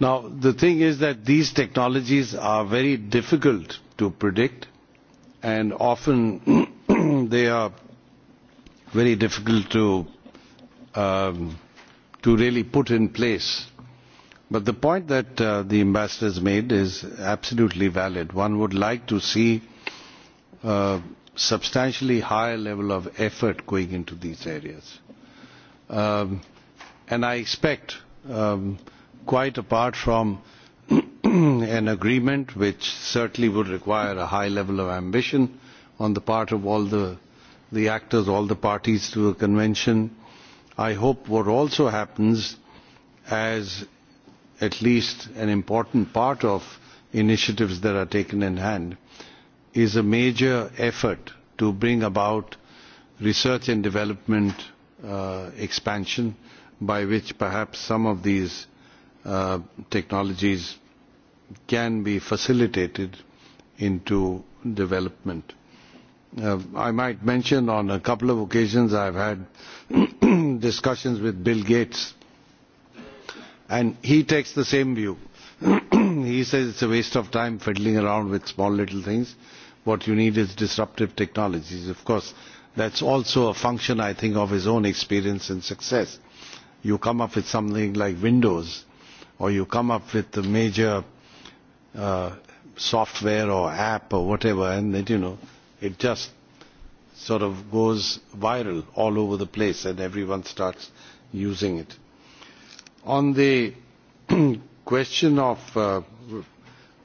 Now, the thing is that these technologies are very difficult to predict and often they are very difficult to um, to really put in place. But the point that uh, the ambassadors made is absolutely valid. One would like to see a substantially higher level of effort going into these areas. Um, and I expect, um, quite apart from an agreement which certainly would require a high level of ambition on the part of all the, the actors, all the parties to the convention. I hope what also happens as at least an important part of initiatives that are taken in hand is a major effort to bring about research and development uh, expansion by which perhaps some of these uh, technologies can be facilitated into development. Uh, I might mention on a couple of occasions I've had discussions with Bill Gates and he takes the same view. he says it's a waste of time fiddling around with small little things. What you need is disruptive technologies. Of course, that's also a function, I think, of his own experience and success. You come up with something like Windows or you come up with a major uh, software or app or whatever, and that you know, it just sort of goes viral all over the place, and everyone starts using it. On the question of uh,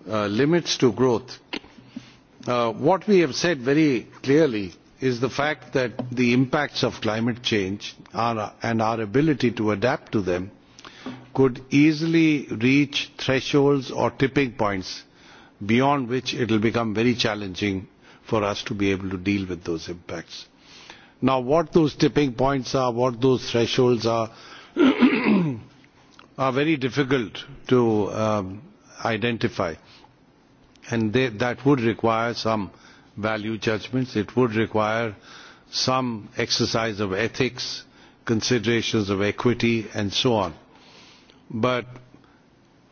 uh, limits to growth, uh, what we have said very clearly is the fact that the impacts of climate change are, and our ability to adapt to them could easily reach thresholds or tipping points beyond which it will become very challenging for us to be able to deal with those impacts. Now, what those tipping points are, what those thresholds are, are very difficult to um, identify. And they, that would require some value judgments. It would require some exercise of ethics, considerations of equity, and so on But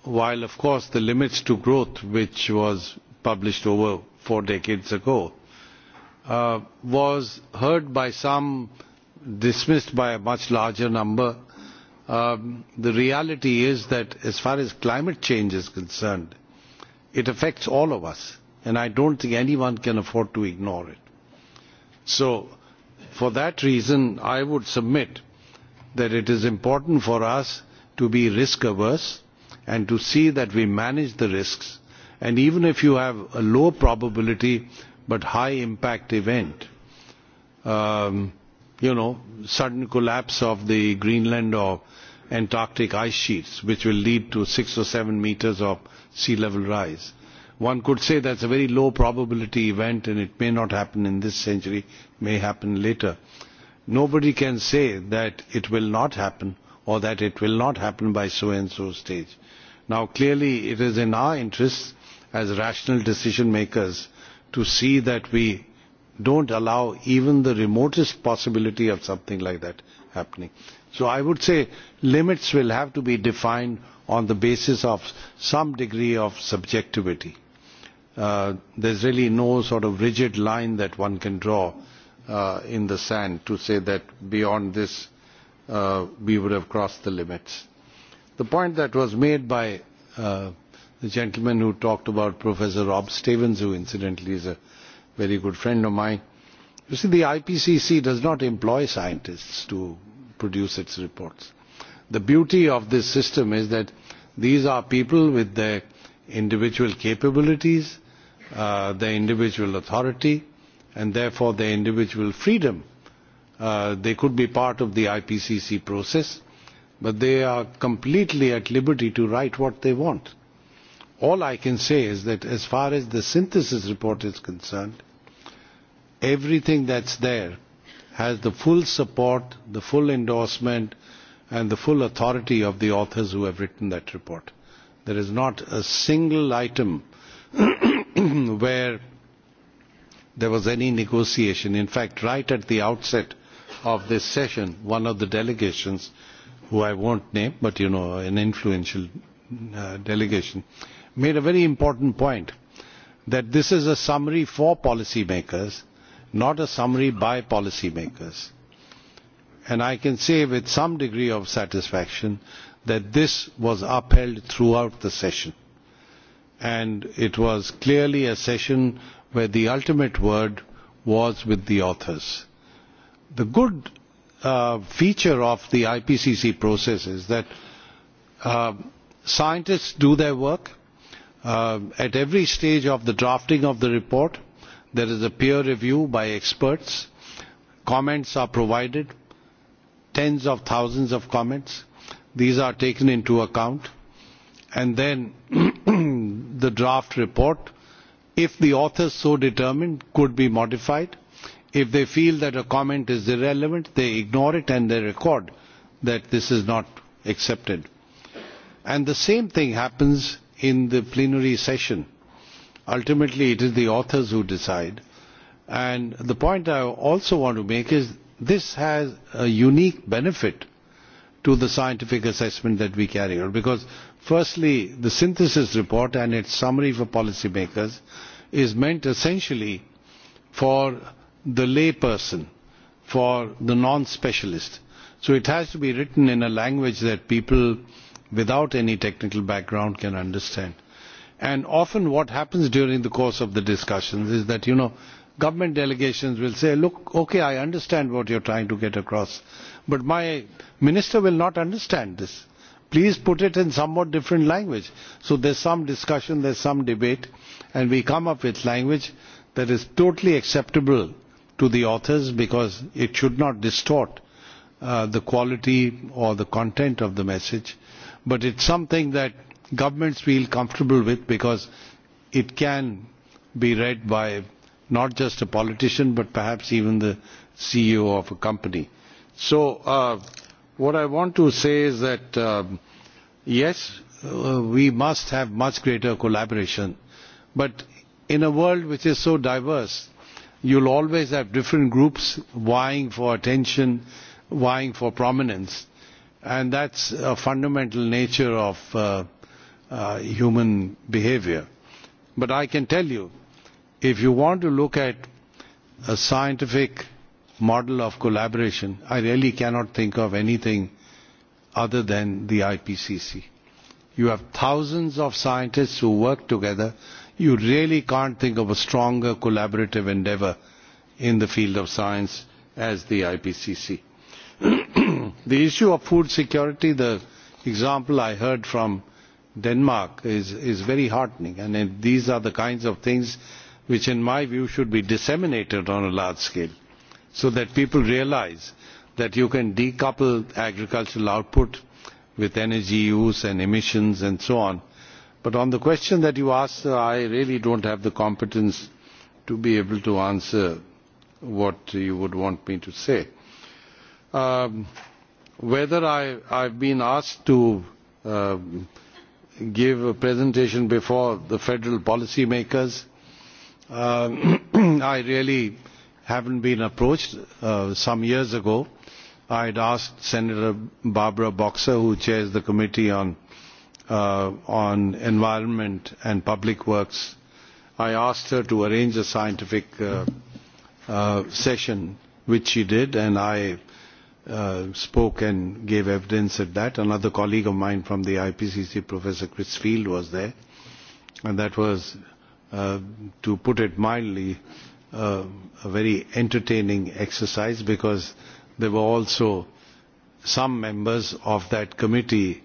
while, of course, the limits to growth, which was published over four decades ago, uh, was heard by some, dismissed by a much larger number. Um, the reality is that as far as climate change is concerned, it affects all of us, and I don't think anyone can afford to ignore it. So, for that reason, I would submit that it is important for us to be risk averse and to see that we manage the risks. And even if you have a low probability but high impact event, um, you know, sudden collapse of the Greenland or Antarctic ice sheets, which will lead to six or seven meters of sea level rise. One could say that's a very low probability event and it may not happen in this century, may happen later. Nobody can say that it will not happen or that it will not happen by so and so stage. Now clearly it is in our interests as rational decision makers to see that we don't allow even the remotest possibility of something like that happening. So I would say limits will have to be defined on the basis of some degree of subjectivity. Uh, there's really no sort of rigid line that one can draw uh, in the sand to say that beyond this we would have crossed the limits. The point that was made by the gentleman who talked about Professor Rob Stevens, who incidentally is a very good friend of mine, you see, the IPCC does not employ scientists to produce its reports. The beauty of this system is that these are people with their individual capabilities, their individual authority, and therefore their individual freedom they could be part of the IPCC process, but they are completely at liberty to write what they want. All I can say is that as far as the synthesis report is concerned, everything that's there has the full support, the full endorsement, and the full authority of the authors who have written that report. There is not a single item where there was any negotiation. In fact, right at the outset, of this session, one of the delegations, who I won't name, but you know, an influential uh, delegation, made a very important point that this is a summary for policymakers, not a summary by policymakers. And I can say with some degree of satisfaction that this was upheld throughout the session. And it was clearly a session where the ultimate word was with the authors the good uh, feature of the IPCC process is that uh, scientists do their work. Uh, at every stage of the drafting of the report, there is a peer review by experts. Comments are provided, tens of thousands of comments. These are taken into account. And then the draft report, if the authors so determined, could be modified If they feel that a comment is irrelevant, they ignore it and they record that this is not accepted. And the same thing happens in the plenary session. Ultimately, it is the authors who decide. And the point I also want to make is this has a unique benefit to the scientific assessment that we carry out because firstly the synthesis report and its summary for policymakers is meant essentially for the layperson for the non specialist. So it has to be written in a language that people without any technical background can understand. And often what happens during the course of the discussions is that, you know, government delegations will say, look, okay, I understand what you're trying to get across, but my minister will not understand this. Please put it in somewhat different language. So there's some discussion, there's some debate, and we come up with language that is totally acceptable to the authors because it should not distort uh the quality or the content of the message. But it's something that governments feel comfortable with because it can be read by not just a politician but perhaps even the CEO of a company. So what I want to say is that yes, we must have much greater collaboration. But in a world which is so diverse, you will always have different groups vying for attention, vying for prominence. And that's a fundamental nature of uh, uh, human behavior. But I can tell you, if you want to look at a scientific model of collaboration, I really cannot think of anything other than the IPCC. You have thousands of scientists who work together you really can't think of a stronger collaborative endeavour in the field of science as the IPCC. the issue of food security, the example I heard from Denmark is, is very heartening and these are the kinds of things which in my view should be disseminated on a large scale so that people realise that you can decouple agricultural output with energy use and emissions and so on But on the question that you asked, sir, I really don't have the competence to be able to answer what you would want me to say. Um, whether I, I've been asked to uh, give a presentation before the federal policymakers, uh, I really haven't been approached. Uh, some years ago, I had asked Senator Barbara Boxer, who chairs the Committee on uh on environment and public works. I asked her to arrange a scientific uh uh session, which she did, and I uh spoke and gave evidence at that. Another colleague of mine from the IPCC, Professor Chris Field, was there. And that was, uh, to put it mildly, uh, a very entertaining exercise because there were also some members of that committee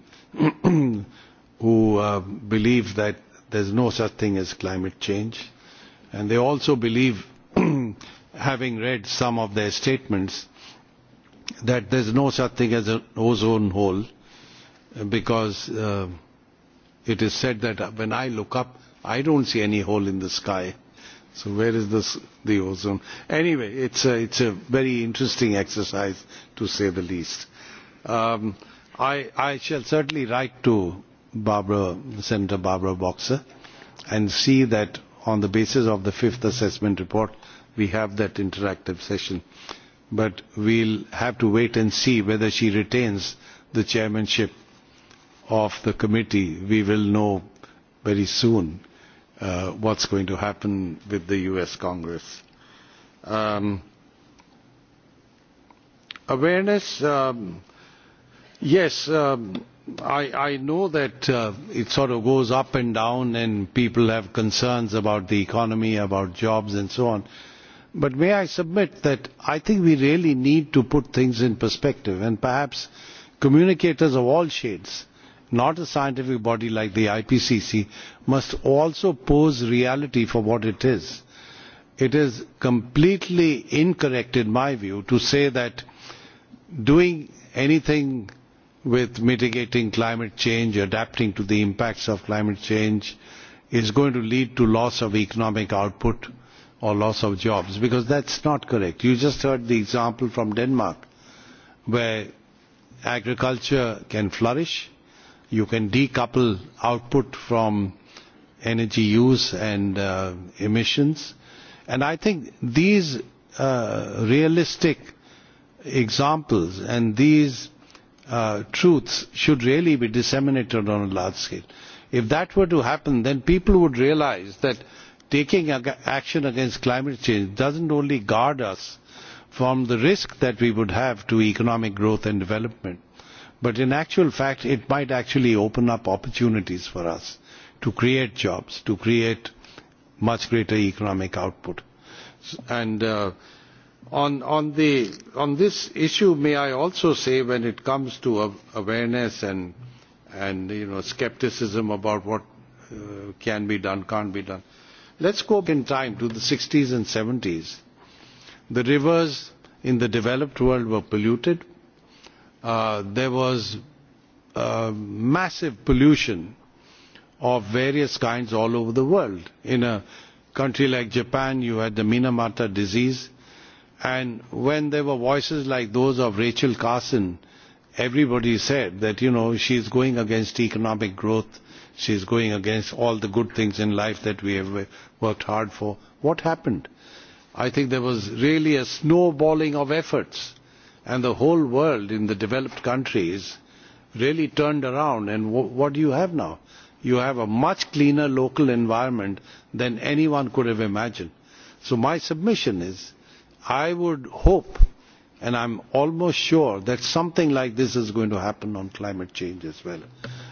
who uh, believe that there's no such thing as climate change. And they also believe, having read some of their statements, that there's no such thing as an ozone hole because uh, it is said that when I look up, I don't see any hole in the sky. So where is this, the ozone? Anyway, it's a, it's a very interesting exercise, to say the least. Um, I, I shall certainly write to Barbara, Senator Barbara Boxer and see that on the basis of the fifth assessment report, we have that interactive session. But we'll have to wait and see whether she retains the chairmanship of the committee. We will know very soon uh, what's going to happen with the U.S. Congress. Um, awareness, um, yes, um, I, I know that uh, it sort of goes up and down and people have concerns about the economy, about jobs and so on. But may I submit that I think we really need to put things in perspective and perhaps communicators of all shades, not a scientific body like the IPCC, must also pose reality for what it is. It is completely incorrect in my view to say that doing anything with mitigating climate change, adapting to the impacts of climate change, is going to lead to loss of economic output or loss of jobs, because that's not correct. You just heard the example from Denmark, where agriculture can flourish, you can decouple output from energy use and uh, emissions. And I think these uh, realistic examples and these uh, truths should really be disseminated on a large scale. If that were to happen, then people would realize that taking action against climate change doesn't only guard us from the risk that we would have to economic growth and development, but in actual fact, it might actually open up opportunities for us to create jobs, to create much greater economic output. And uh, On this issue, may I also say when it comes to awareness and skepticism about what can be done, can't be done, let's go back in time to the 60s and 70s. The rivers in the developed world were polluted. There was massive pollution of various kinds all over the world. In a country like Japan, you had the Minamata disease And when there were voices like those of Rachel Carson, everybody said that, you know, she's going against economic growth, she's going against all the good things in life that we have worked hard for. What happened? I think there was really a snowballing of efforts, and the whole world in the developed countries really turned around. And w- what do you have now? You have a much cleaner local environment than anyone could have imagined. So my submission is I would hope, and I'm almost sure, that something like this is going to happen on climate change as well.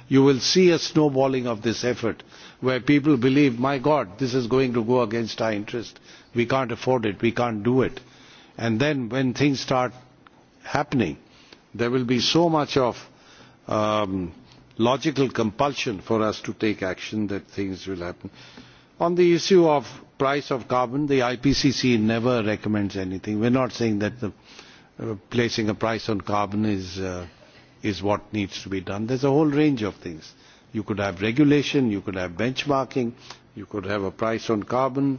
You will see a snowballing of this effort where people believe, my God, this is going to go against our interest. We can't afford it. We can't do it. And then when things start happening, there will be so much of um, logical compulsion for us to take action that things will happen. On the issue of price of carbon, the IPCC never recommends anything. We're not saying that the, uh, placing a price on carbon is, uh, is what needs to be done. There's a whole range of things. You could have regulation, you could have benchmarking, you could have a price on carbon,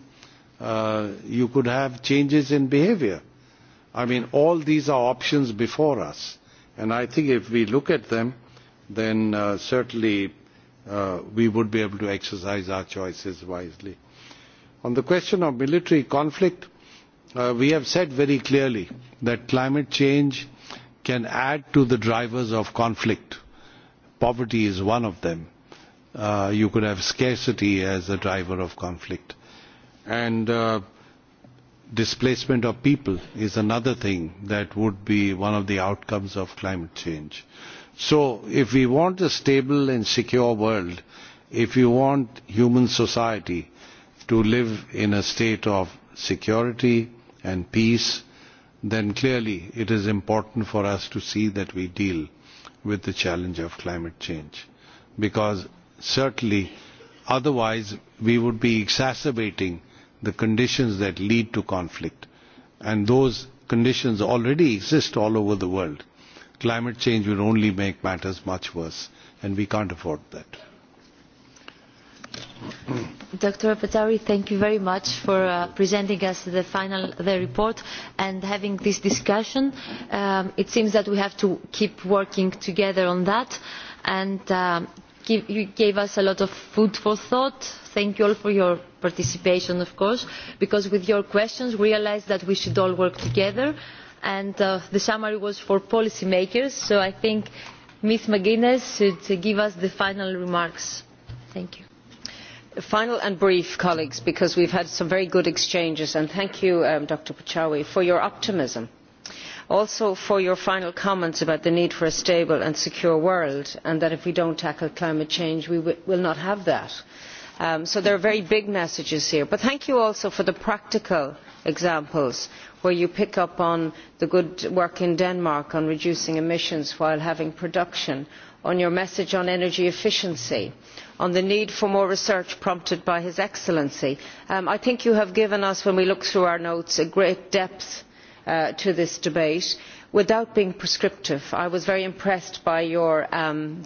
uh, you could have changes in behavior. I mean, all these are options before us. And I think if we look at them, then uh, certainly uh, we would be able to exercise our choices wisely. On the question of military conflict, we have said very clearly that climate change can add to the drivers of conflict. Poverty is one of them. you could have scarcity as a driver of conflict. And displacement of people is another thing that would be one of the outcomes of climate change. So if we want a stable and secure world, if we want human society, to live in a state of security and peace, then clearly it is important for us to see that we deal with the challenge of climate change. Because certainly otherwise we would be exacerbating the conditions that lead to conflict. And those conditions already exist all over the world. Climate change will only make matters much worse, and we can't afford that. Dr. Patari, thank you very much for presenting us the final report and having this discussion. it seems that we have to keep working together on that, and you gave us a lot of food for thought. Thank you all for your participation, of course, because with your questions we realised that we should all work together. And the summary was for policymakers, so I think Ms. McGuinness should give us the final remarks. Thank you final and brief colleagues because we have had some very good exchanges and thank you dr pachauri for your optimism and also for your final comments about the need for a stable and secure world and that if we do not tackle climate change we will not have that. so there are very big messages here but thank you also for the practical examples where you pick up on the good work in denmark on reducing emissions while having production on your message on energy efficiency and on the need for more research prompted by His Excellency. I think you have given us, when we look through our notes, a great depth to this debate without being prescriptive. i was very impressed by your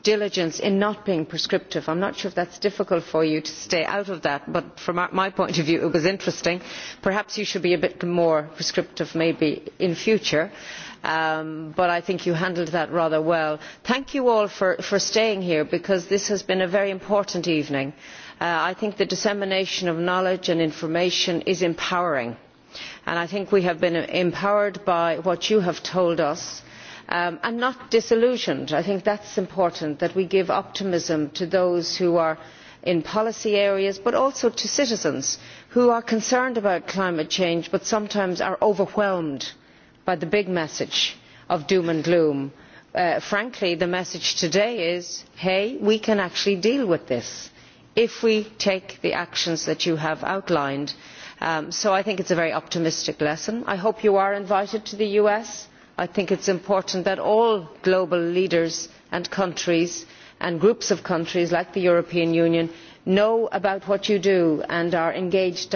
diligence in not being prescriptive. i am not sure if that is difficult for you to stay out of that but from my point of view it was interesting. perhaps you should be a bit more prescriptive maybe in future but i think you handled that rather well. thank you all for staying here because this has been a very important evening. i think the dissemination of knowledge and information is empowering and i think we have been empowered by what you have told us and not disillusioned. i think it is important that we give optimism to those who are in policy areas but also to citizens who are concerned about climate change but sometimes are overwhelmed by the big message of doom and gloom. frankly the message today is hey we can actually deal with this if we take the actions that you have outlined so i think it is a very optimistic lesson. i hope you are invited to the us. i think it is important that all global leaders and countries and groups of countries like the european union know about what you do and are engaged